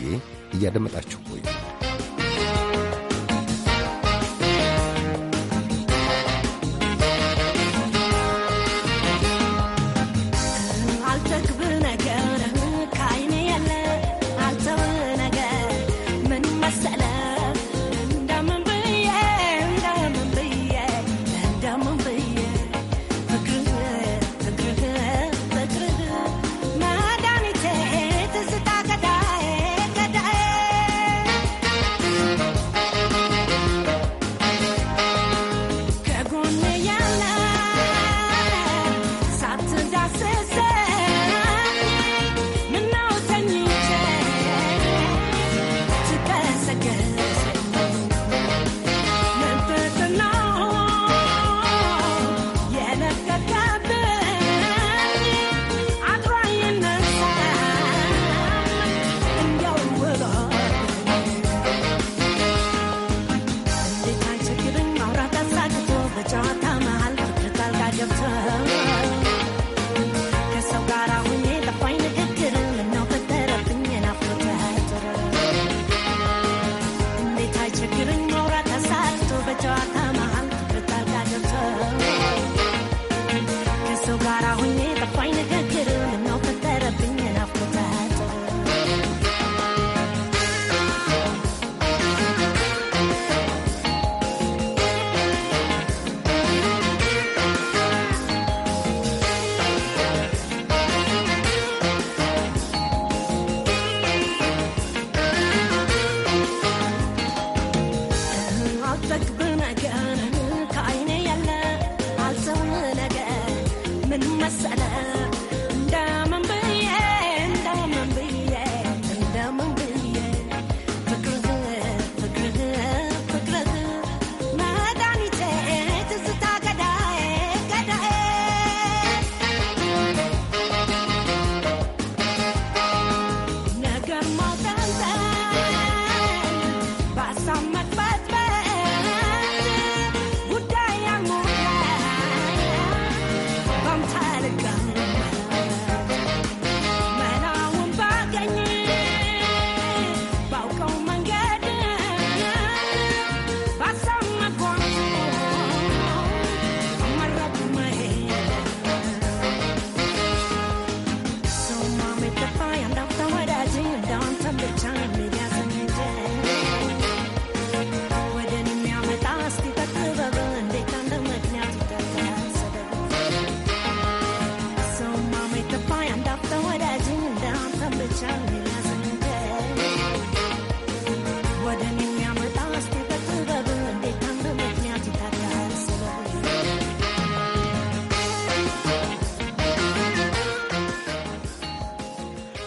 እያደመጣችሁ ቆዩ።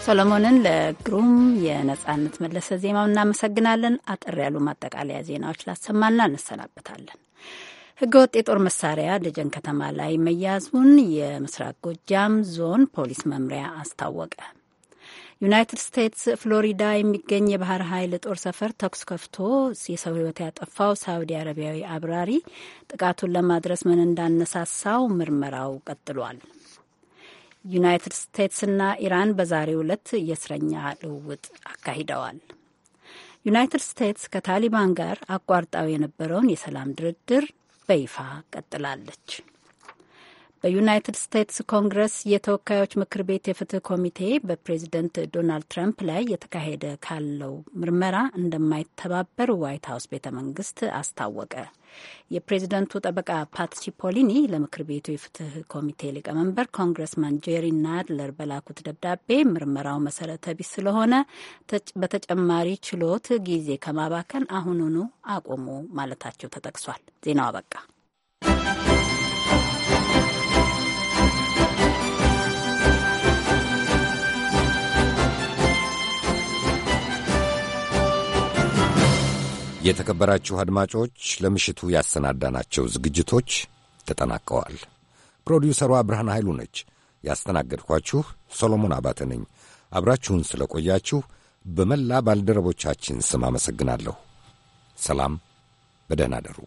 ሰሎሞንን ለግሩም የነጻነት መለሰ ዜማው እናመሰግናለን። አጠር ያሉ ማጠቃለያ ዜናዎች ላሰማና እንሰናበታለን። ህገወጥ የጦር መሳሪያ ደጀን ከተማ ላይ መያዙን የምስራቅ ጎጃም ዞን ፖሊስ መምሪያ አስታወቀ። ዩናይትድ ስቴትስ ፍሎሪዳ የሚገኝ የባህር ኃይል ጦር ሰፈር ተኩስ ከፍቶ የሰው ህይወት ያጠፋው ሳውዲ አረቢያዊ አብራሪ ጥቃቱን ለማድረስ ምን እንዳነሳሳው ምርመራው ቀጥሏል። ዩናይትድ ስቴትስና ኢራን በዛሬው ዕለት የእስረኛ ልውውጥ አካሂደዋል። ዩናይትድ ስቴትስ ከታሊባን ጋር አቋርጣው የነበረውን የሰላም ድርድር በይፋ ቀጥላለች። በዩናይትድ ስቴትስ ኮንግረስ የተወካዮች ምክር ቤት የፍትህ ኮሚቴ በፕሬዚደንት ዶናልድ ትራምፕ ላይ የተካሄደ ካለው ምርመራ እንደማይተባበር ዋይት ሀውስ ቤተ መንግስት አስታወቀ። የፕሬዝደንቱ ጠበቃ ፓትሲ ፖሊኒ ለምክር ቤቱ የፍትህ ኮሚቴ ሊቀመንበር ኮንግረስማን ጄሪ ናድለር በላኩት ደብዳቤ ምርመራው መሰረተ ቢስ ስለሆነ በተጨማሪ ችሎት ጊዜ ከማባከን አሁኑኑ አቁሙ ማለታቸው ተጠቅሷል። ዜናው አበቃ። የተከበራችሁ አድማጮች ለምሽቱ ያሰናዳናቸው ዝግጅቶች ተጠናቀዋል። ፕሮዲውሰሯ ብርሃን ኃይሉ ነች። ያስተናገድኳችሁ ሰሎሞን አባተ ነኝ። አብራችሁን ስለ ቆያችሁ በመላ ባልደረቦቻችን ስም አመሰግናለሁ። ሰላም፣ በደህና አደሩ።